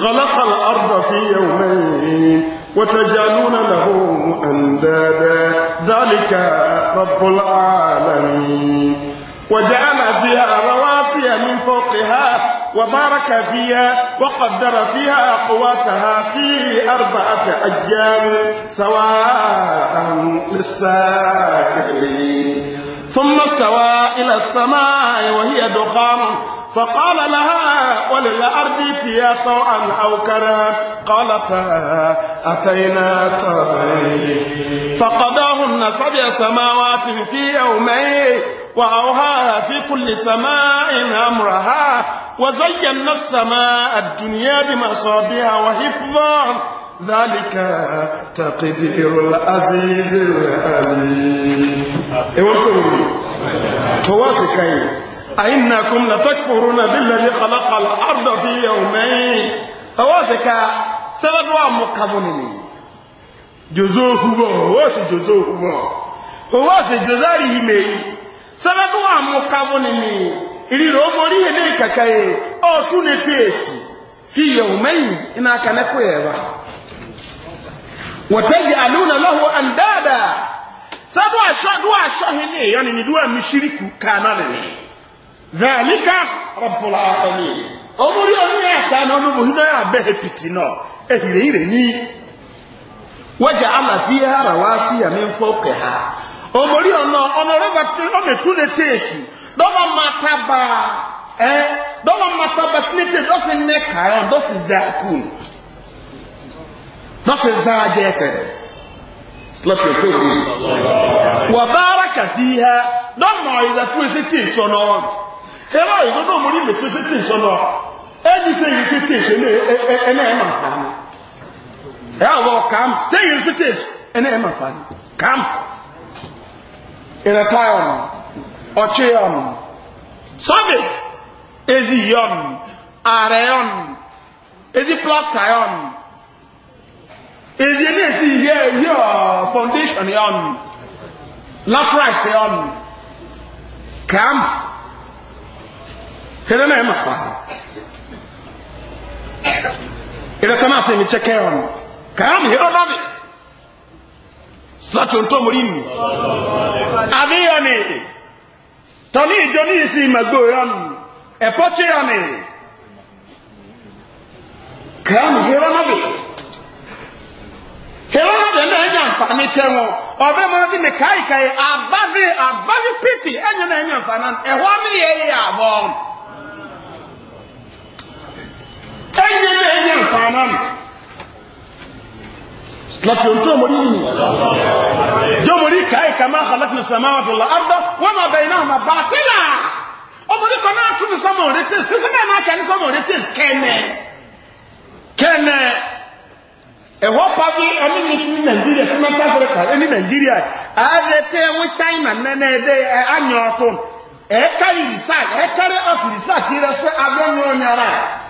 خلق الأرض في يومين وتجعلون له أندادا ذلك رب العالمين وجعل فيها رواسي من فوقها وبارك فيها وقدر فيها قواتها في أربعة أيام سواء للسائلين ثم استوى إلى السماء وهي دخان فقال لها وللأرض يا طوعا أو كرا قالتا أتينا طيب فقضاهن سبع سماوات في يومين وأوهاها في كل سماء أمرها وزينا السماء الدنيا بمصابها وحفظا ذلك تقدير العزيز العليم ايوه تواسي كاين أئنكم لتكفرون بالذي خلق الأرض في يومين أواسك سلدوا مقابلني جزوه هو أواس جزوه هو أواس جزاره مي سلدوا مقابلني إلي روموري إلي كاكاي أو تونتيسي في يومين إنا كانكو يبا وتجعلون له أندادا سدوا شهدوا شهدوا يعني ندوا مشركوا كانانني ذلك رب العالمين أمري أن يأتانا نبهنا به بتنا إهلي رني وجعل فيها رواسي من فوقها أمري أن أنا ربط أنا تنتيسو دما ماتبا eh dɔwɔ mataba tinete dɔsi nɛ kaayɔ dɔsi zaakun dɔsi zaa jɛɛtɛ silafiyɛ tó wuli wa baara ka fi ha dɔmɔ yi la tuuri si ti ẹ̀rọ ìgbọ́dọ̀ mú rí mẹ̀tí sí tìṣọ́ lọ ẹni sẹ́yìn tí tìṣọ́ ẹ̀nà ẹ̀mà fàánù ẹ̀rọ kàm sẹ́yìn sí tìṣọ́ ẹ̀nà ẹ̀mà fàánù kàm ìrẹ̀tà ọ̀nà ọ̀chí ọ̀nà sọ́bì ezi yọ̀n ààrẹ yọ̀n ezi plọ́stà yọ̀n ezi ẹni èsì yẹ yọ foundation yọ̀n latrite yọ̀n kàm tẹ́lẹ̀ náà ẹ̀ máa fa ìrẹsẹ̀ náà sì mi kyẹ́kẹ́ ọ̀ nù kàámi hẹ́rọ́ náà mi láti ohun tó mú rí mi àbíyàn e ni tọ́ní ìjọ ní ìsìn ìmàgbó yọ̀ nù ẹ̀pọ́ tí yọ̀ ni kàámi hẹ́rọ́ náà mi hẹ́rọ́ náà mi náà ẹ̀yà nfààní tẹ́ wọn ọ̀bẹ mọ́ bí mi káyìí àbáfi àbáfi pìtì ẹ̀yìn náà ẹ̀yà nfààní ẹ̀họ́ mi yẹ ẹ̀yà àbọ̀ ọ̀nù. ẹ̀yẹ ní ẹ̀yẹ ìpàánà láti ohun tó mọ̀rí yìí jọ mọ̀rí káyì ká máa kàlá kìí sàmà wà fìlà ardọ́ wọ́n máa bẹ̀yìn náà rẹ̀ ọ̀nyàrá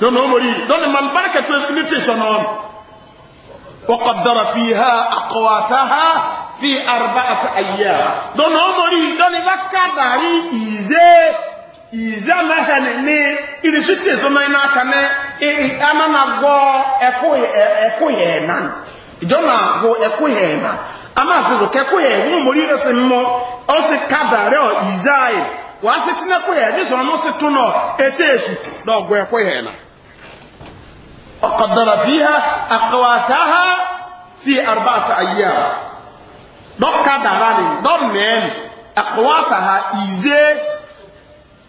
don omori don man baraka transportation on وقدر فيها أقواتها في أربعة أيام دون أمري دون بكاداري إيزي إيزي مهنني إذا شتي زمينا كان أنا نغو أكوي أكوي نان دون نغو أكوي نان أما سيدو كأكوي هو مري رسمو أو سكاداري أو إيزاي وأسيتنا كوي نسوا نسيتنا إتيسو دون أكوي نان وقدر فيها أقواتها في أربعة أيام دكا داراني دمين أقواتها إزاي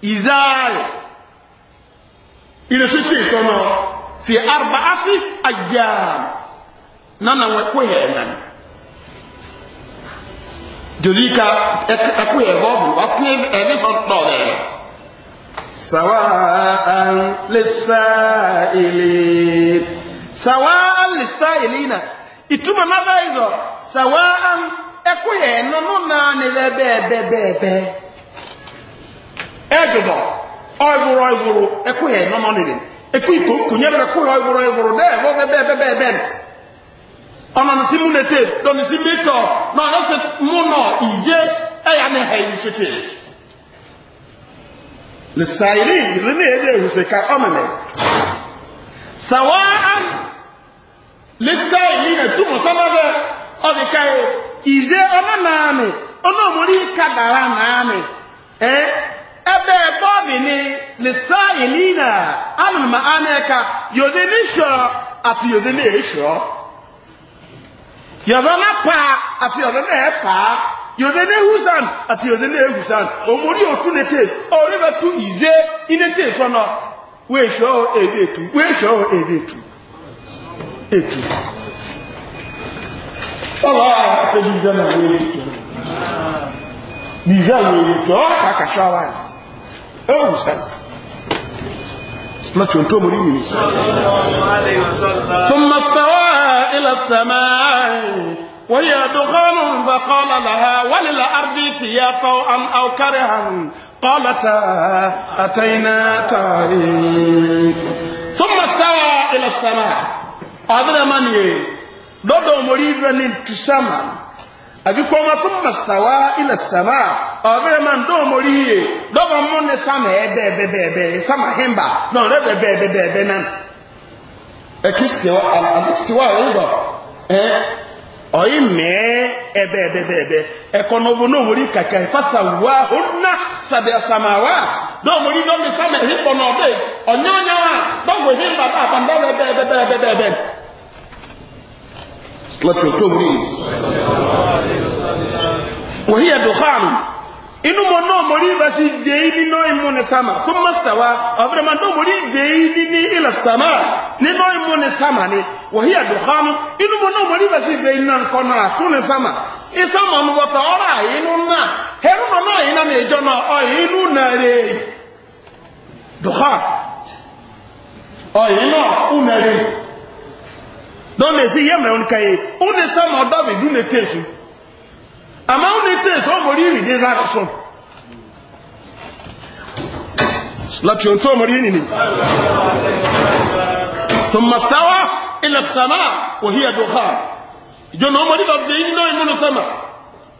إزاي إلى شتي سنة في أربعة أيام نانا وكوهنا جديك أكوه هوفو واسكني أليس أنطوه سواء للسائلين سواء للسائلين ituma mada hizo sawaan ekuye nono nani bebebebebe ejozo oiguru oiguru ekuye nono nini ekuiko kunyere ekuye oiguru oiguru devo bebebebebe ọmọ nisi múnete dọ̀nisi mẹ́kọ̀ọ́ náà ọ̀sẹ̀ múnà ìyé ẹ̀yà ní ẹ̀yìn ṣe tèè للسائلين يرني يجي يسكا أمامي سواء للسائلين توم سماه أذكى إذا أنا نامي أنا مري كدارا نامي إيه أبى بابني للسائلين أنا ما أنا كا يدني شو أتي يدني شو يزنا با أتي يدني با yòdè ní ehusan àti yòdè ní ehusan òmòrí òtú ní tè orí bẹ tú ìzé iné tè sọ́nà wéṣọ́ èdè ètù wéṣọ́ èdè ètù ètù ọlọ́ àtẹ́jú ìjọ náà wéèrè ètù nìzá wéèrè ètù ọ́ kàkàṣọ́ wa ehusan láti ohun tó mú nínú sọ́mọ́sítàwà ilẹ̀ sàmáà وهي دخان فقال لها وللأرض اتيا طوعا أو كرها قالتا أتينا طائعين ثم استوى إلى السماء أدرى من يه dodo moribe ni tusama abikoma thumma stawa ila sama ave man do moriye dogo mone sama ebe ebe ebe ebe ebe ebe ebe nan ekistewa ọyị mee ebe ebe ebe ekọnọbụ n'omori kaka ifasa uwa hụna sabia samawat n'omori n'omi sama ehikpọ n'ọbị onye onye ha dọgwụ ihe mba papa ndọrọ ebe ebe ebe ebe ebe lọtụ otu omori wahiyar dukhanu inu mo no mo riba si veini no imu ne sama thumma stawa abra man no mo ri veini ni ila sama ni no imu ne sama ni wa hiya dukhan inu mo no mo riba si veini nan kona tu ne sama isama mo wata ora inu na heru mo no ina me jo na re dukhan o na re don me si yemre on kai àmọ́ ó ní tẹ́ sọ mọ̀rí ìrìdé lára sọ láti ohun tó mọ̀rí nìní tó mọ̀sáwá ilẹ̀ sàmà òhí ẹ̀dọ̀fà ìjọna ọmọdé bá bẹ inú ìmúnu sàmà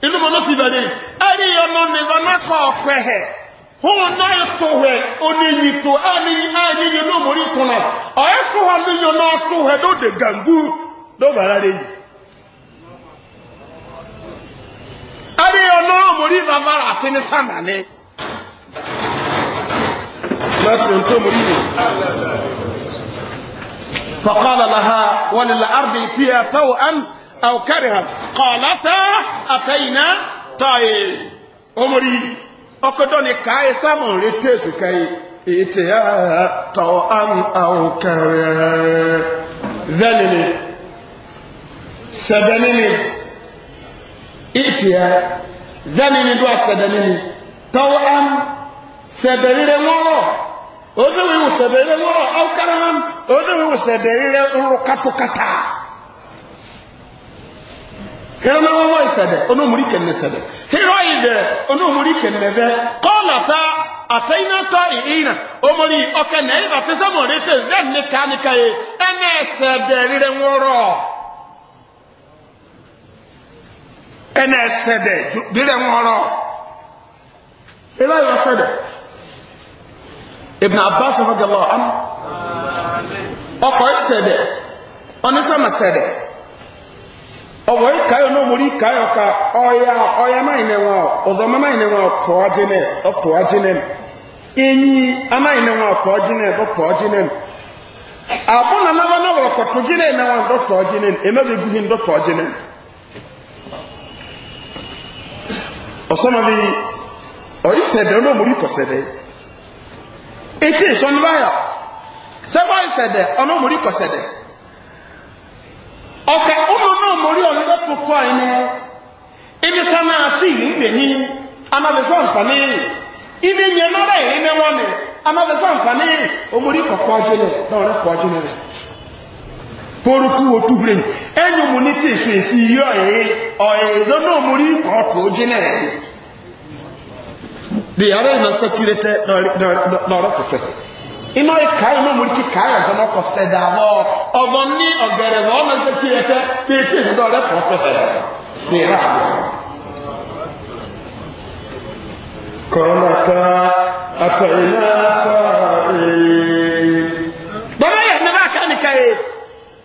inú mọ̀nà sí ìbẹ̀rẹ̀ ẹ̀rí ọmọ nìbọn náà kọ̀ ọ̀pẹ̀ hẹ̀ hún náà tó hẹ̀ oníyì tó ẹ̀rí ẹ̀rí ari ọ̀nà òmòrí bàbára àti ní sàmà ní láti ohun tó mòrí ní fọ̀kọ́lá láha wọ́n lè láàrùn tí a tọ́wọ́ án àwọ̀kárí hàn àtẹ́yìnà tọ́yì òmòrí ọkọ̀dọ́ ni káyẹ sàmà rí tẹ́sù káyẹ ètè tọ́wọ́ án àwọ̀kárí hàn itiɛ dani ni do asɛdani ni tɔw am sɛbɛrire ŋɔrɔ o de wo sɛbɛrire ŋɔrɔ aw kara am o de wo sɛbɛrire ŋɔrɔ kato kata hɛrɛmɛ wɔwɔ yi sɛbɛ ono muri kɛnɛ sɛbɛ hɛrɛ yi dɛ ono muri kɛnɛ vɛ kɔɔla ta atayina ta iyina omori ɔkɛ nɛyi ba tɛ sɛ mɔri tɛ dani ka ni ka ye ɛnɛ sɛbɛrire ŋɔrɔ. ɛna ɛsɛdɛ bere ŋɔrɔ ɛna yɛ ɔsɛdɛ ibn abbas radiallahu anhu ɔkɔ ɛsɛdɛ ɔnisama sɛdɛ ɔwɔ ikaayɔ n'omori ikaayɔ ka ɔya ɔya mayinɛ ŋɔ ɔzɔma mayinɛ ŋɔ tɔɔdinɛ ɔtɔɔdinɛ enyi amayinɛ ŋɔ tɔɔdinɛ ɔtɔɔdinɛ abɔnanaba n'awɔ kɔtɔdinɛ n'awɔ dɔtɔɔdinɛ emabeguhin dɔtɔɔdinɛ. ọ̀sọ́mọdé ọ̀rí sẹ̀dẹ̀ ọ̀nà òmùrí kọ̀ sẹ̀dẹ̀ etí ìsọ̀nibáyà sẹ́fọ́ ìsẹ̀dẹ̀ ọ̀nà òmùrí kọ̀ sẹ̀dẹ̀ ọ̀kà ọ̀nà òmùrí ọ̀nà tuntun Ebi ibi sọ́nà àti ìgbẹ̀ni anábẹ́sọ̀ nfààní ibi yẹn náà rẹ̀ yìí ní wọ́n ni anábẹ́sọ̀ nfààní òmùrí kọ̀kọ́ ajínlẹ̀ náà rẹ̀ kọ̀ poro tu o tu blem enyo mo ni te so esi yo e o e do no mo ri ko to jene de ara na saturate na na na ro fete ino e kai no mo ki kai ga no ko se da ho o do ni o gere ho na saturate pe pe do re ko fete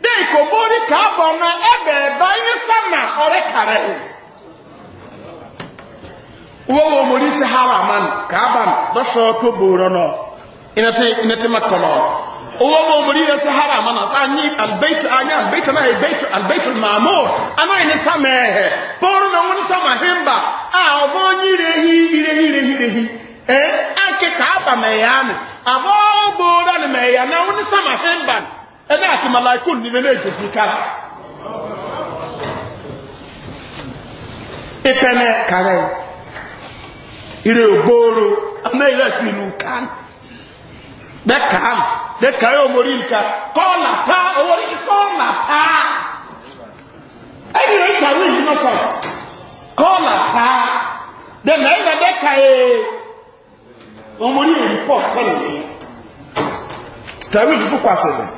dịka ka ka abụọ na e ebe ebe onye sama ọrị karịrị uwe wo ha ama ka aba dọsọ nọ makọlọ si ha ama na anyị albeitu anyị albeitu na albeitu albeitu mamu anaghị ni sama ehe na sama mba a onye ehi ehi ee ka na ya na sama ẹni àti màláìkù ní ilé ìjọsí kára ìpẹ́nẹ́ kàrẹ́ ìrè ògbóòrò amẹ́rẹ́sì nínú kan bẹ́ẹ̀kà bẹ́ẹ̀kà yóò mórí nǹkan kọ́ọ̀là tá owó ní kọ́ọ̀là tá ẹ̀yìn rẹ̀ ìkàwé yìí náà sọ̀rọ̀ kọ́ọ̀là tá dẹ̀mẹ̀ ẹ̀yìn rẹ̀ bẹ́ẹ̀kà yìí wọ́n mórí èyí pọ̀ kọ́ọ̀lù yìí tẹ̀wé fífú kwasẹ̀ bẹ́ẹ̀.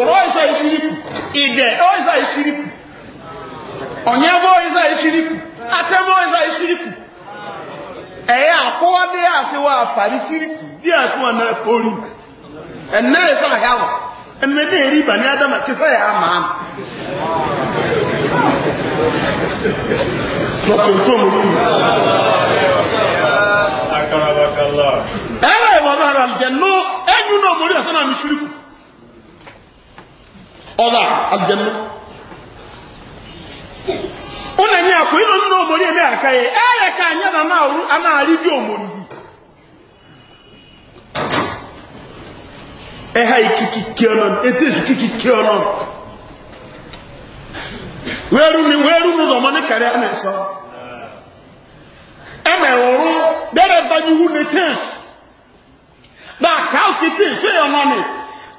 uroiza isiripu ide oiza ishiriku onyeva oiza ishiriku atema oiza ishiriku ẹ̀yẹ àkọwà dé àṣíwà àfàrí ṣíríkù dí àṣíwà náà kórí ẹ̀nà ẹ̀sà àgáwọ̀ ẹ̀nà dé rí ìbà ní adama kí sáyà á máa lọ́tún tó mú kú ẹ̀rọ ìwọ̀n náà rà jẹ̀ ló ọba aljanna ụna nye akụ ịnọ nna omori eme aka ya e ka anyị na na ahụrụ a na omori gị e ẹha ikiki kionon ete esu kiki kionon n'ụzọ ni wẹ́rù na ọmọ E kẹrẹ ẹ̀ sọ ẹ mẹ̀rọ̀rọ̀ bẹ́rẹ̀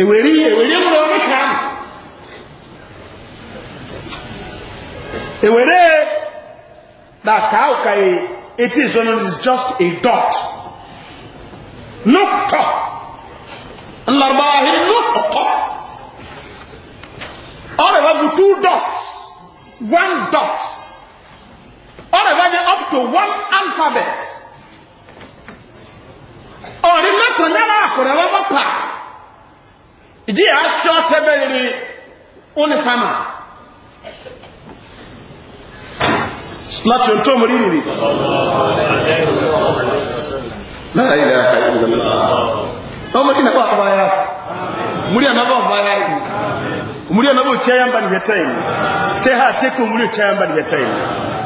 eweri eweri ewere ọmọ kan ewere na kaa ụka yi it is one is just a dot nukta nlarbaahiri nukta ọ rẹ̀ wá bu two dots one dot ọ rẹ̀ wá yẹ up to one alphabet ọ̀rí mẹ́tọ̀ nyára àkùrẹ̀ wá bá pàà ìdí aṣọ tẹ́bẹ̀rẹ̀ oní sáàmà láti ohun tó mọ̀rí nìrí láàrín ọmọdé nàbọ̀ àbáyá múrí ànábọ̀ àbáyá múrí ànábọ̀ tí a yá ń bá nìyẹta múrí tí a yá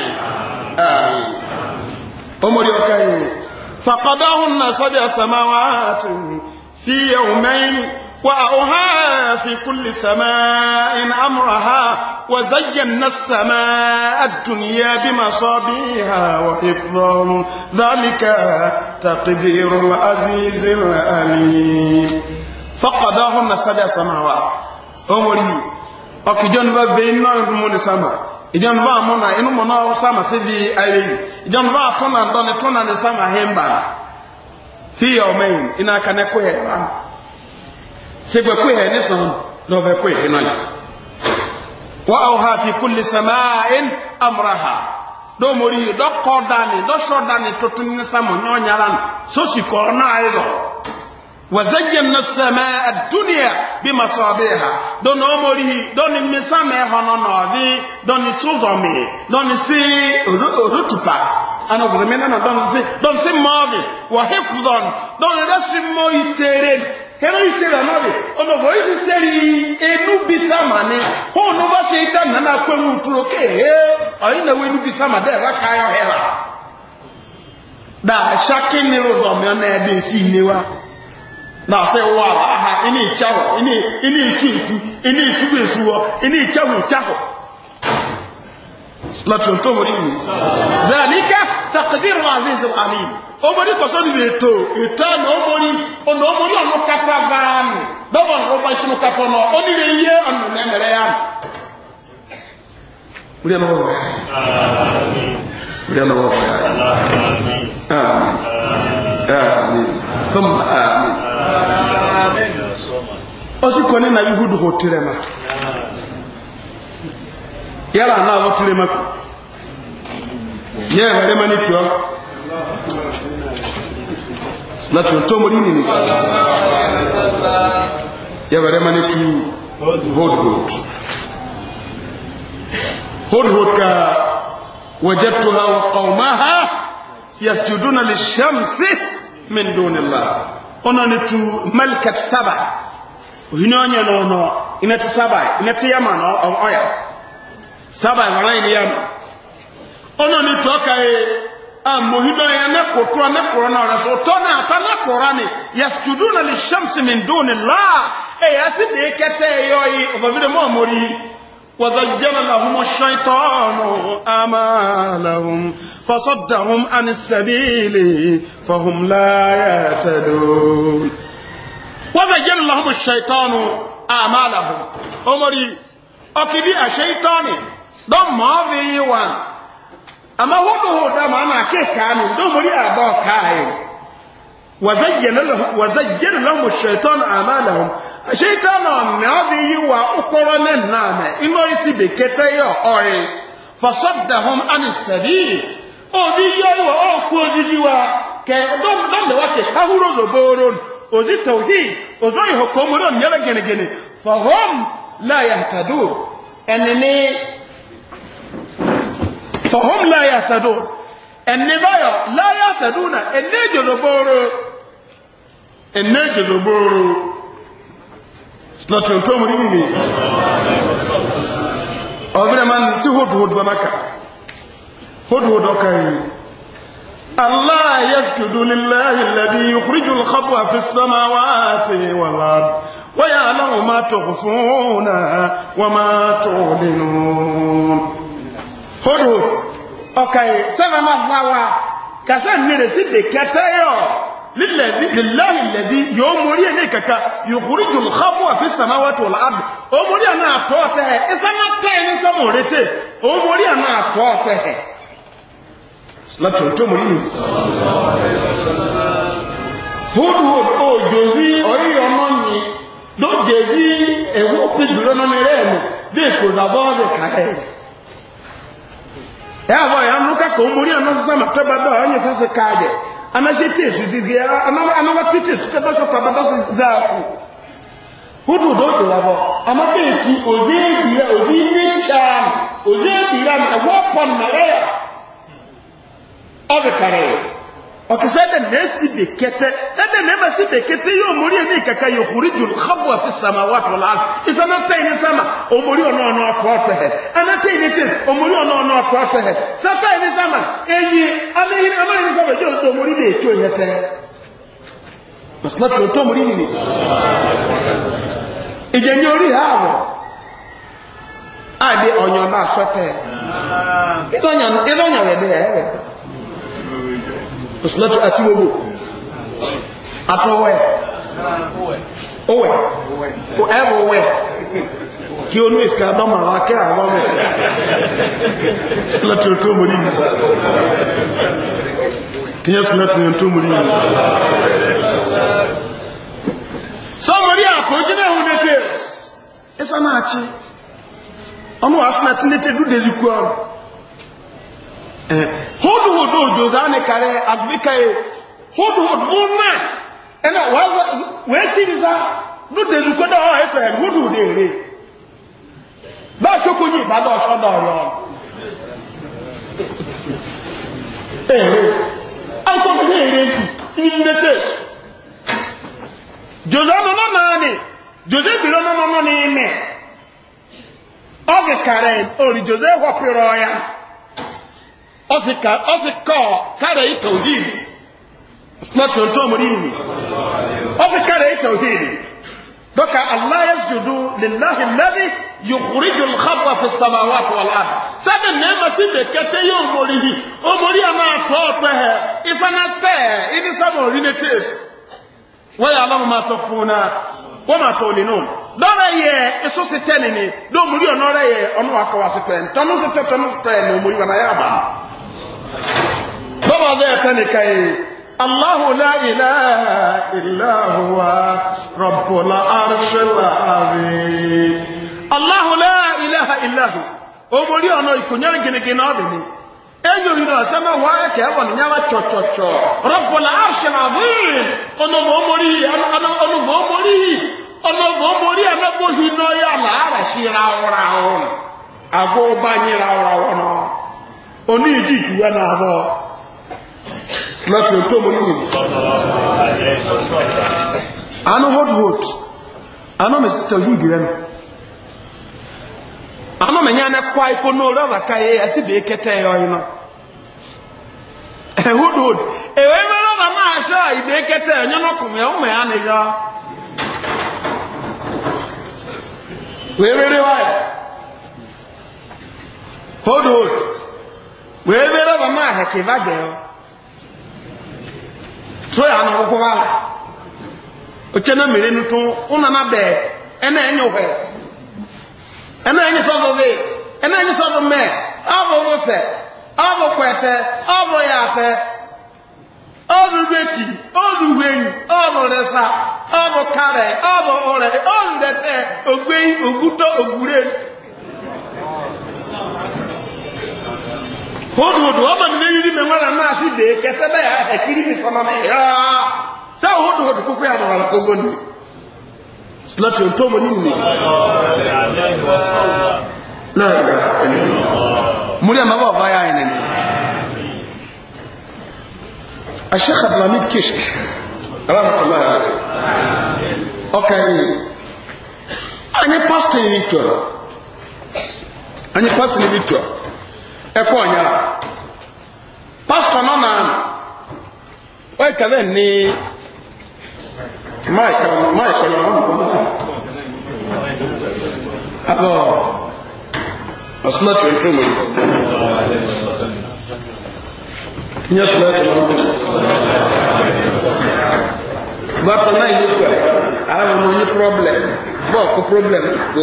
أمر يوكاين فقضاهن سبع سماوات في يومين وأوها في كل سماء أمرها وزينا السماء الدنيا بمصابيها وحفظهم ذلك تقدير العزيز الأليم فقضاهن سبع سماوات أمره أكجن بابين نور من سماء ijan ba mo na inu mo na sama se bi ayi ijan ba to na ndo ne to na ne sama hemba fi yawmain ina kana ko he ba se gbe ko he ne so no be ko he no ya wa awha fi kulli sama'in amraha do mori do ko dani do so dani to tun ne sama nyonya ran so si ko na وزينا السماء الدنيا بمصابيها دون عمره دون مسامة هنونوذي دون سوزومي دون سي رتبا أنا بزمين أنا دون سي دون سي ماضي وحفظا دون رسي موي سيرين kẹ́lá ìṣẹ̀lẹ̀ àmọ́dé ọmọ ọ̀gọ̀ yìí ṣe rí inú bí sáàmà ni hóun ló bá ṣe ìtàn nánà pé ń turo kéèké ọ̀yìn náà wọ inú bí sáàmà dẹ́ẹ̀ láka ayọ̀ hẹ́ra. dà ṣákí ni rọ̀zọ̀mí ọ̀nà ẹ̀dẹ̀ sí ilé wa na sɛ wa aba aha ini ɛkya ini ini ɛne esu ini ɛne esu bɛ esu hɔ ɛne ɛkya hɔ ɛkya hɔ ni tuntum ri mi zalika taqdir aziz alim ɔmɔdi kɔsɔ ni bɛ to eto na ɔmɔdi ɔna ɔmɔdi ɔno kafa baa mi dɔbɔ na ɔba sunu kafa na ɔdi yɛ yie ɔno mɛmɛrɛ ya mi wúlíẹ̀ náà wọ̀ ya wúlíẹ̀ náà wọ̀ ya amin amin thumma amin osikoni na yuhudu hotirema yala na hotirema ye harema ni twa na twa to muri ni ye harema ni tu hudhud hudhud ka wajadtuha wa qaumaha yasjuduna lish-shamsi min dunillah onani tu malkat sabah ohini onye no no inati sabai inati yama no oya sabai wala ile yama ono ni toka e amohino ya na kotoa na korona ra so to na ata na korani yasjuduna lishamsi min duni e, la e yasi de kete yoyi obavide mo mori وزين لهم الشيطان أمالهم فصدهم عن السبيل فهم لا يهتدون وزين لهم الشيطان آمالهم أمري أكدي الشيطان دم ماضي وان أما وضعه دم أنا كي كانوا دم لي أبا كاين وزين لهم, وزين لهم الشيطان آمالهم الشيطان ماضي وأقرن النام إنه يسيب كتير أوري فصدهم عن السبيل أودي يلو أوكو جيوا كي دم دم واشي كهورو زبورون ozi tawhid ozo yi hukumu don nyala gene gene fa hum la yahtadun enni fa hum la yahtadun enni bayo la yahtaduna enni joloboro enni joloboro snotron to muri ni o vraiment si الله يسجد لله الذي يخرج الخطوة في السماوات والأرض ويعلم ما تغفون وما تعلنون هدو أوكي سنة مصاوة كسان نرسي بكتايو لله لله الذي يومري انك يخرج الخطوة في السماوات والأرض أمري أنا أتوته إذا ما تاني سمورته أمري أنا أتوته láti ọ̀tọ́ mọ̀ yìí hudhud òjòzí orí ọmọ ni lójèzí ẹ̀wọ́ pìlúrọ́ náà rẹ̀ mọ̀ bí kò dàbọ́ ọ̀rẹ́ kàrẹ́ ẹ̀ àwọ̀ ẹ̀ amúkà kò mórí ọ̀nà sísàmà tọ́ba dọ̀ ọ̀nyẹ sásì káàjẹ̀ anáṣẹ́ tèṣù dìgbì anáwà tèṣù ọ̀bẹ̀kẹ̀rẹ̀ ọ̀kì sẹ́dẹ̀ nẹ́ẹ̀sì bèkẹ́tẹ́ sẹ́dẹ̀ nẹ́ẹ̀mẹ̀sì bèkẹ́tẹ́ yóò mórí ẹni kẹkẹ yóò kúrí jù xabuwa fi sàmà wà fọlá ìsànà tẹ́yìn ní sàmà òmórí ọ̀nà ọ̀nà ọ̀tọ̀ ọ̀tọ̀ hẹ ẹnà tẹ́yìn ní tẹ́ òmórí ọ̀nà ọ̀nà ọ̀tọ̀ ọ̀tọ̀ hẹ sẹ́tẹ́yìn ní sàmà ẹ̀yìn amẹ́yìn amẹ́yìn sàmà yóò tó mórí lè tó yẹ tẹ́ mùsùlùmí tó mórí nìyí ìjẹ́ ní orí ha àwọ̀ àdé ọ̀nyọ̀ máa sọ́tẹ̀ ìdọ̀nyọ̀ rẹ̀ dẹ̀ ẹ̀ rẹ̀ dẹ̀ òsùlọ́tù àti gbogbo àtọwẹ́ owẹ́ ẹ̀rọ owẹ́ kí o ní ìsìnká dọ́mà wá kẹ́ àwọn ọmọ ìsìnlẹ̀tì tó mú rí tí yẹ́ sílẹ̀tì tó mú rí sọ́mọ̀rí àtọ́jínà náà chi ọmọ wà sínà tí lẹ́tẹ̀ dúdẹ̀ zikú ọ̀rọ̀ ẹ̀ẹ̀ hudhud ujuzani kare azbikaye hudhud muna ena waza wetiriza nude dukoda o eto en hudhud ere ba shoko ni ba do so ro eh an ko ni ere ni netes jozano no nani joze biro no no ni me oge kare ori joze hopiro ya ọsìkà ọsìkà kárẹ̀ ìtà òhìrì snapshot tó mú nínú ọsìkàrẹ̀ ìtà òhìrì dọ́kà aláyẹs jùdú lèláhì lẹ́bí yòkùrí jùlọ hábà fi sàmàwà fọlá sẹ́ni nẹ́ẹ̀mà sí bẹ̀kẹ́tẹ́ yóò mórí yìí ó mórí àmà tọ́ ọ̀tọ́ ẹ̀ ìsáná tẹ́ ẹ̀ ìní sábà orí ní tèf wọ́n yà lọ́mọ máa tọ́ fún náà wọ́n máa tọ́ òní náà lọ́rọ̀ yẹ èso sí tẹ́ nìní ló mórí ọ̀nà rẹ̀ yẹ ọ̀nà wà kọ́ wá sí tẹ́ tọ́nú sí tẹ́ tọ́nú sí tẹ́ ẹ̀ ní òmórí wà náà yà bá. bọ́bọ̀ bẹ́ẹ̀ tẹ́nì káyé Allahu la ilaha illa huwa rabbul arshil azim Allahu la omori ọ̀nà ìkònyẹ́rì gẹ́gẹ́ náà ni ẹ̀yọ̀ náà sẹ́mẹ̀ wá ẹ̀kẹ́ ẹ̀wọ̀n ní yàrá ọ rabbul arshil azim ọ mọ̀ọ́mọ̀rí ọ̀nà ọ náà yà láàrẹ̀ sí oní ìdí ìjúwẹ́ náà rọ lọ́fẹ́ tó mú ní àánú hot vote àánú mi sí tọ́jú ìdí rẹ̀mù àánú mi ní ẹnẹ́kọ́ ikú ní orí káyé ẹ̀sì bèé kẹtẹ́ ẹ̀yọ́ iná hood hood èwé mẹ́rọ̀ bá máa ṣọ́ ìbèé kẹtẹ́ ẹ̀yọ́ nọkùnrin ọmọ ẹ̀ ánìyọ́ wẹ́rẹ́rẹ́ wáyé hood hood wee bere ba ma ahɛ ya gɛɛ so yɛ ana koko bala okyɛ na mere no to wonana bɛɛ ɛna ɛnyɛ hɔ ɛna ɛnyɛ sɔfo be ɛna e e e ọ bụ mɛ ɔfo ọ bụ ɔfo ọ bụ yɛatɛ ọ bụ ɔfo ọ bụ rɛsa ọ bụ ɔfo ọ bụ dɛtɛ ogwuren hodohodo ọmọ nínú yìí rí mẹ́wàá náà sí dé kẹtẹ́ bẹ́ẹ̀ ẹ̀kiri mi sọmọ mi rà sẹ́ hodohodo kókó yà bàbà kókó ni láti ọ̀tọ́ mọ̀ nínú ni. múlí àmà bá ọba yà á yẹn ni. الشيخ عبد الحميد كشك رحمة الله عليه أوكي أنا باستي ليتور أنا باستي ليتور ɛkɔ ɔnyala pastọ nọ na ɔyɛ kɛlɛ ni maik maik ɔyɛ ɔmɔ nìkan náà abɔ ɔsùnà tuntun mu n yɛ sùnà tuntun mu bàtà náà yẹ kú ɛ àwọn ọmọ yẹ problem bọ́ọ̀kú problem kò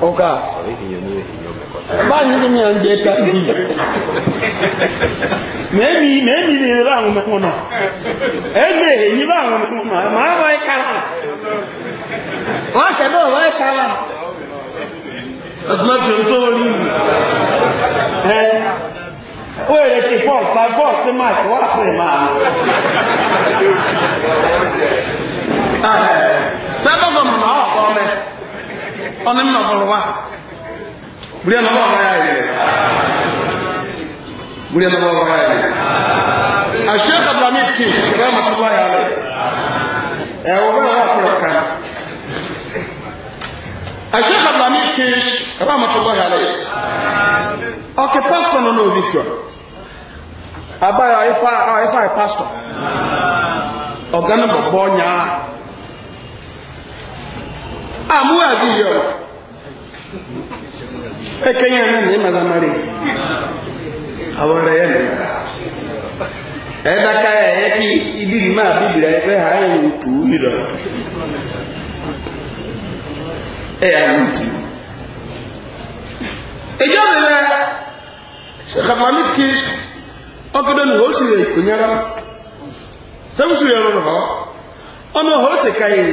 ọkà báyìí ní mi à ń jẹ kandi mẹ́mi mẹ́mi ní ìlú àwọn mẹ́wọ́n náà ẹ̀mẹ́ èyí bá àwọn mẹ́wọ́n náà màá bá ẹ kára wọ́n kẹ́dọ̀ bá ẹ kára ọ̀sùnmọ́sì ń tó rí ẹ ó èrè ti bọ́ọ̀ pa bọ́ọ̀ tí máa kọ́ wá sí máa sábà sọ̀rọ̀ náà ọ̀nà mímọ̀ sọ̀rọ̀ wá múrí ẹ̀nà bọ́ ọ̀rọ̀ ayé rẹ̀ múrí ẹ̀nà bọ́ ọ̀rọ̀ ayé rẹ̀ àṣẹ́ sàbàmì kìí ṣùgbọ́n mọ̀ tó láyà rẹ̀ ẹ̀wọ̀n bẹ́ẹ̀ wà pẹ̀lú kan àṣẹ́ sàbàmì kìí ṣùgbọ́n mọ̀ tó láyà rẹ̀ ọkẹ̀ pásítọ̀ nínú òbí tọ̀ abáyọ̀ ayé fáì pásítọ̀ ọ̀gá náà bọ̀ bọ́ nyàá àmúwà bí yọ ẹkẹyìn ẹ̀nà ní mazamari àwọn ọ̀rẹ́ yẹn ẹ̀ẹ́dàká ẹ̀yẹ kí ibìrì máa bíbìrì ẹgbẹ́ àárín tù ú nílọ ẹ̀yà ń tì í ìjọ bẹ̀rẹ̀ ṣàkàmàmìtì kí ọkọ̀dọ̀ ni ó sì rẹ̀ ìkònyára sẹ́wùsù yẹn rọrùn họ́ ọmọ hó sì káyìí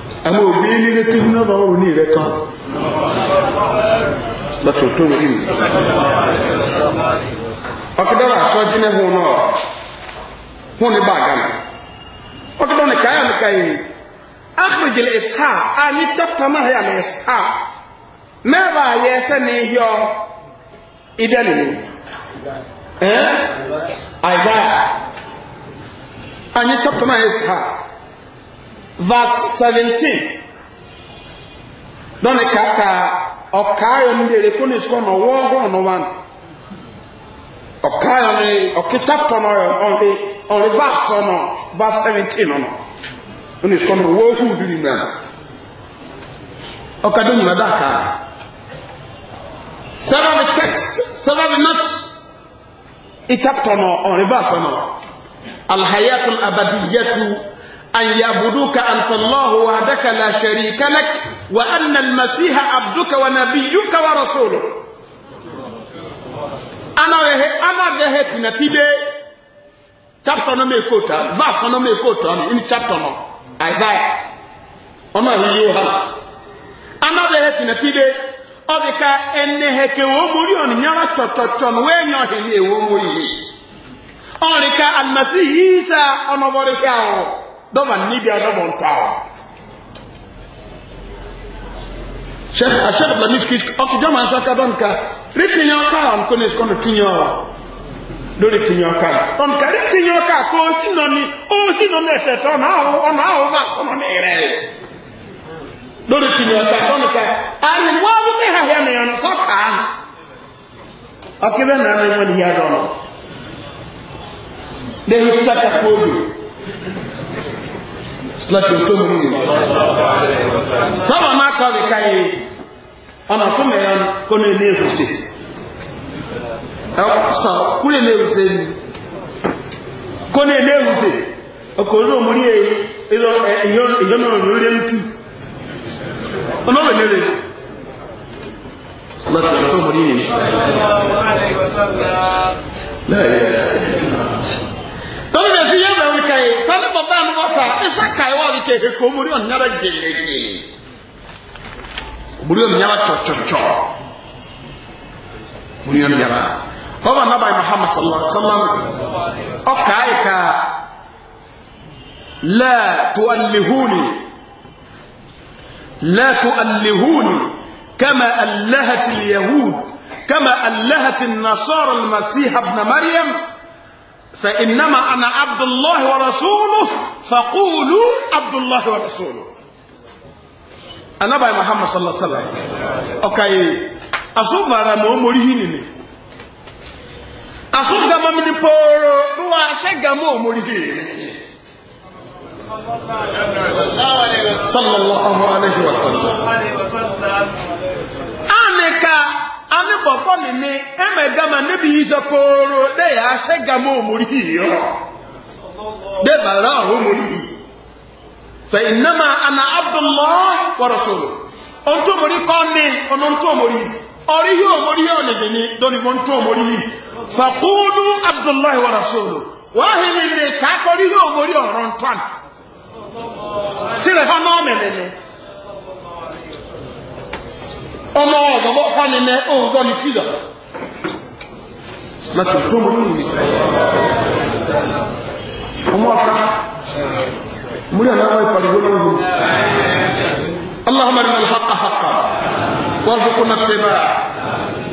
àmọ́ òbí nílé tó ní ọ̀rọ̀ òní rẹ̀ kan lọ́tọ̀ tó rí rí ọkọ̀dọ́rọ̀ àṣọ jílẹ̀ hùn náà hùn ní bàgán ọkọ̀dọ́ ní káyà ní káyà yìí akérèjìlẹ̀ ìṣá a ní tẹ́tà máa yà ní ìṣá mẹ́bà ayẹ ẹsẹ́ ní yọ ìdẹ́ nìyí ẹ́ àìbá a ní tẹ́tà máa ìṣá verse seventeen lọ́nà kàkà ọ̀kaayọ̀ ní èrè kó ní sukọ̀ ọ̀nà ọwọ́ ọ̀hún ọ̀nà ọ̀kaayọ̀ ní ọ̀kìtà tọ̀nà ọ̀nà ọ̀nà verse ọ̀nà verse seventeen ọ̀nà ó ní sukọ̀ ọ̀nà ọwọ́ ọ̀hún bìrì nà ọ̀kadọ̀ nyìlá dàkà several text several nurse ìtà tọ̀nà ọ̀nà verse ọ̀nà alhayatul abadiyatu. أن يعبدوك أنت الله وحدك لا شريك لك وأن المسيح عبدك ونبيك ورسولك أنا وهي أنا ذهت نتيبة chapter no me quote verse no me quote in chapter no Isaiah ọmọ yìí yóò ha أنا ذهت نتيبة أبكى أن هكى ومريون نرى تتتون وين يهني ومريون أولك المسيح عيسى أنا وريكه dɔma nibia dɔmɔ ntɔawa sheikh ashek blamiski ɔkè jɔn maa nsaka dɔn ka ri tinyɛ ɔka a nkɔ ne sikɔ no tinyɛ ɔwa lórí tinyɛ ɔka dɔn ka ri tinyɛ ɔka kó hinɔni ó hinɔni ɛsɛ tɔ ɔnà awo ɔnà awo bá sɔnɔ ne yɛrɛ yɛ lórí tinyɛ ɔka dɔn ka ayi wàá wọ́n mi hà hẹ́ mi yàn sọ́kà ɔkè bɛ nana ɛmɛ ni yà dɔn ne saka kó do slash oto mu nìyí sábà máa kọ́ ọ̀dẹ̀ka yìí ọ̀nà fún mi yẹn kó ní ilé ìwòsè ẹ̀kọ́ kúrò ilé ìwòsè ni kó ní ilé ìwòsè ọkọ̀ orí òmùrí ìyọ́nà òyìnbó rẹ̀ ń tú lórí bẹ̀sí yẹ́ bẹ̀rù ní kẹ́yì tọ́lú bàbá mi wọ́n sá ẹ̀sà kàì wọ́n rí kẹ́yì kò mórí ọ̀nà rẹ̀ gèlègèlè mórí ọ̀nà yàrá tsọ̀tsọ̀tsọ̀ mórí ọ̀nà yàrá bàbá nàbà yìí muhammad sallallahu alaihi wa sallam ọkà àyíká láàtú alihuni láàtú alihuni kama alahati yahud kama alahati nasara almasiha ibn maryam. فإنما أنا عبد الله ورسوله فقولوا عبد الله ورسوله أنا باي محمد صلى الله عليه وسلم أوكي أصوب على مؤمرهن أصوب كما من بورو هو أشجع مؤمرهن صلى الله عليه وسلم أنا ani bɔfɔ nini ɛmɛ gama ne bi yi sɔkooro de y'a gama omori yi yɔ de bara omori yi fɛ inama ana abdullah wɔrɔsolo ɔntomori kɔni ɔno ntomori ɔri yi omori yi ɔni nini dɔni mo ntomori yi fakulu abdullah wɔrɔsolo wɔhi kakɔri omori ɔrɔntɔn hɔ n'ɔmɛ nini. ọmọ fani ọ̀zọ́ ni láti tó mú ní ọmọ ọ̀ká múrí اللهم ارنا الحق حقا وارزقنا اتباعه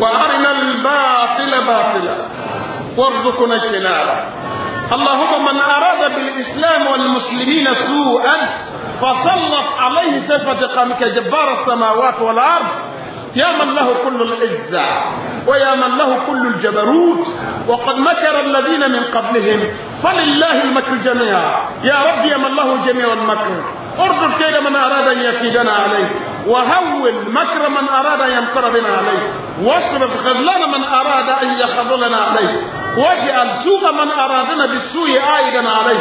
وارنا الباطل باطلا وارزقنا اجتنابه اللهم من اراد بالاسلام والمسلمين سوءا فسلط عليه سيف انتقامك جبار السماوات والارض يا من له كل العزة ويا من له كل الجبروت وقد مكر الذين من قبلهم فلله المكر جميعا يا رب يا من له جميع المكر اردد كيد من أراد أن يكيدنا عليه وهول مكر من أراد أن يمكر بنا عليه واصرف خذلان من أراد أن يخذلنا عليه واجعل سوء من أرادنا بالسوء عائدا عليه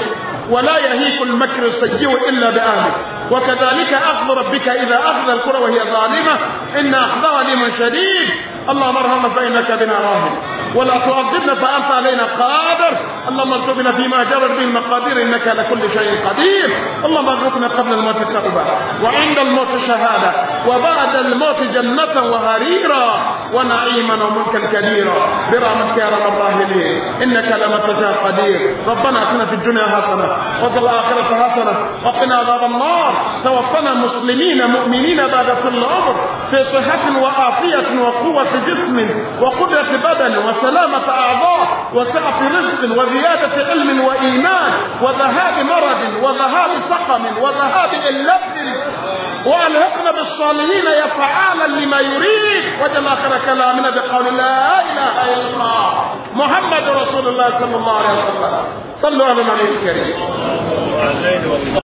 ولا يهيك المكر السيء إلا بأهله وكذلك أخذ ربك إذا أخذ الكرة وهي ظالمة إن أخذها لمن شديد اللهم ارحمنا فإنك بنا راهم ولا تعذبنا فأنت علينا قادر اللهم ارتبنا فيما جرت به المقادير إنك على كل شيء قدير اللهم ارزقنا قبل الموت التوبة وعند الموت شهادة وبعد الموت جنة وهريرا ونعيما وملكا كبيرا برحمتك يا رب الراحمين انك لما تشاء قدير ربنا اتنا في الدنيا حسنه وفي الاخره حسنه وقنا عذاب النار توفنا مسلمين مؤمنين بعد في عمر في صحه وعافيه وقوه جسم وقدره بدن وسلامه اعضاء وسعه رزق وزياده علم وايمان وذهاب مرض وذهاب سقم وذهاب الذل والهقنا الصالحين يا فعالا لما يريد وجل آخر كلامنا بقول لا إله إلا الله محمد رسول الله صلى الله عليه وسلم صلوا على النبي الكريم